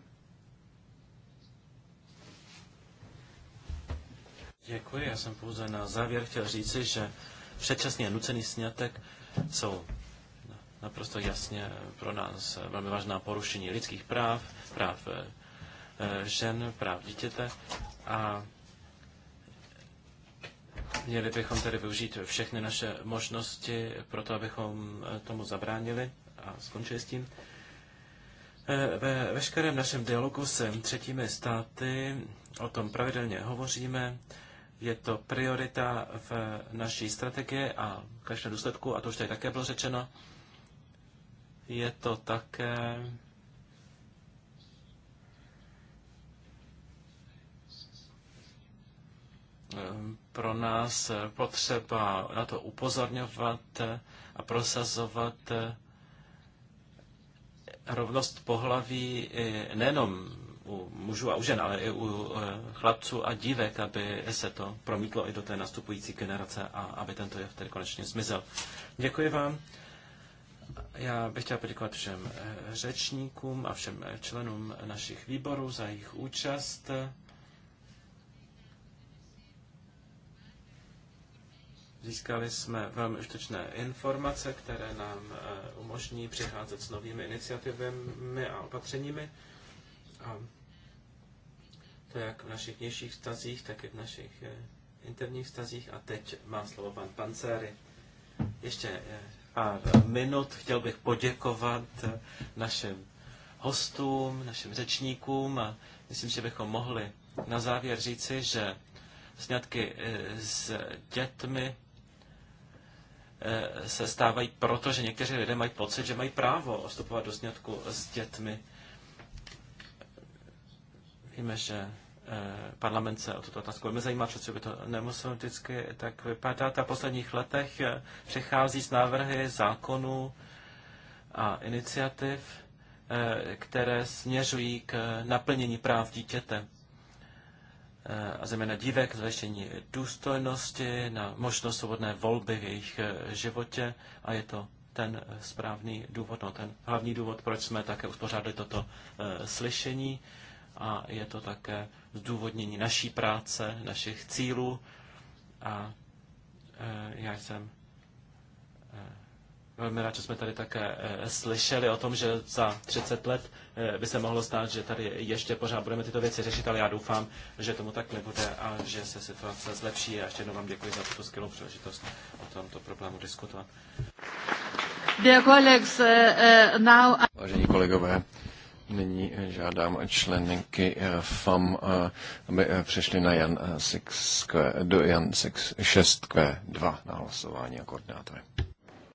Děkuji. Já jsem pouze na závěr chtěl říci, že předčasně nucený snětek jsou naprosto jasně pro nás velmi vážná porušení lidských práv, práv eh, žen, práv dítěte a Měli bychom tedy využít všechny naše možnosti pro to, abychom eh, tomu zabránili a skončili s tím. Eh, ve veškerém našem dialogu se třetími státy o tom pravidelně hovoříme. Je to priorita v naší strategii a v každém důsledku, a to už tady také bylo řečeno, je to také Eh, pro nás eh, potřeba na to upozorňovat eh, a prosazovat rovnost pohlaví nejenom u mužů a u žen, ale i u chlapců a dívek, aby se to promítlo i do té nastupující generace a aby tento jev tedy konečně zmizel. Děkuji vám. Já bych chtěl poděkovat všem řečníkům a všem členům našich výborů za jejich účast. Získali jsme velmi užitečné informace, které nám eh, umožní přicházet s novými iniciativami a opatřeními. A to jak v našich vnějších vztazích, tak i v našich eh, interních vztazích. A teď má slovo pan Pancery. Ještě eh, pár minut chtěl bych poděkovat našim hostům, našim řečníkům a myslím, že bychom mohli na závěr říci, že snědky s dětmi Eh, se stávají proto, že někteří lidé mají pocit, že mají právo vstupovat do sňatku s dětmi. Víme, že eh, parlament se o tuto otázku velmi zajímá, protože by to nemuselo vždycky tak vypadat. A v posledních letech eh, přechází z návrhy zákonů a iniciativ, které směřují k naplnění práv dítěte. Eh, a zejména dívek, zajištění důstojnosti, na možnost svobodné volby v jejich eh, životě a je to ten eh, správný důvod, no, ten hlavní důvod, proč jsme také uspořádali toto slyšení a je to také zdůvodnění naší práce, našich cílů a já jsem Velmi rád, že jsme tady také eh, slyšeli o tom, že za 30 let eh, by se mohlo stát, že tady ještě pořád budeme tyto věci řešit, ale já doufám, že tomu tak nebude a že se situace zlepší. A ještě jednou vám děkuji za tuto skvělou příležitost o tomto problému diskutovat. Eh, Vážení kolegové, nyní žádám členky FAM, aby přešli na Jan 6Q, do Jan 6Q2 na hlasování a koordinátory.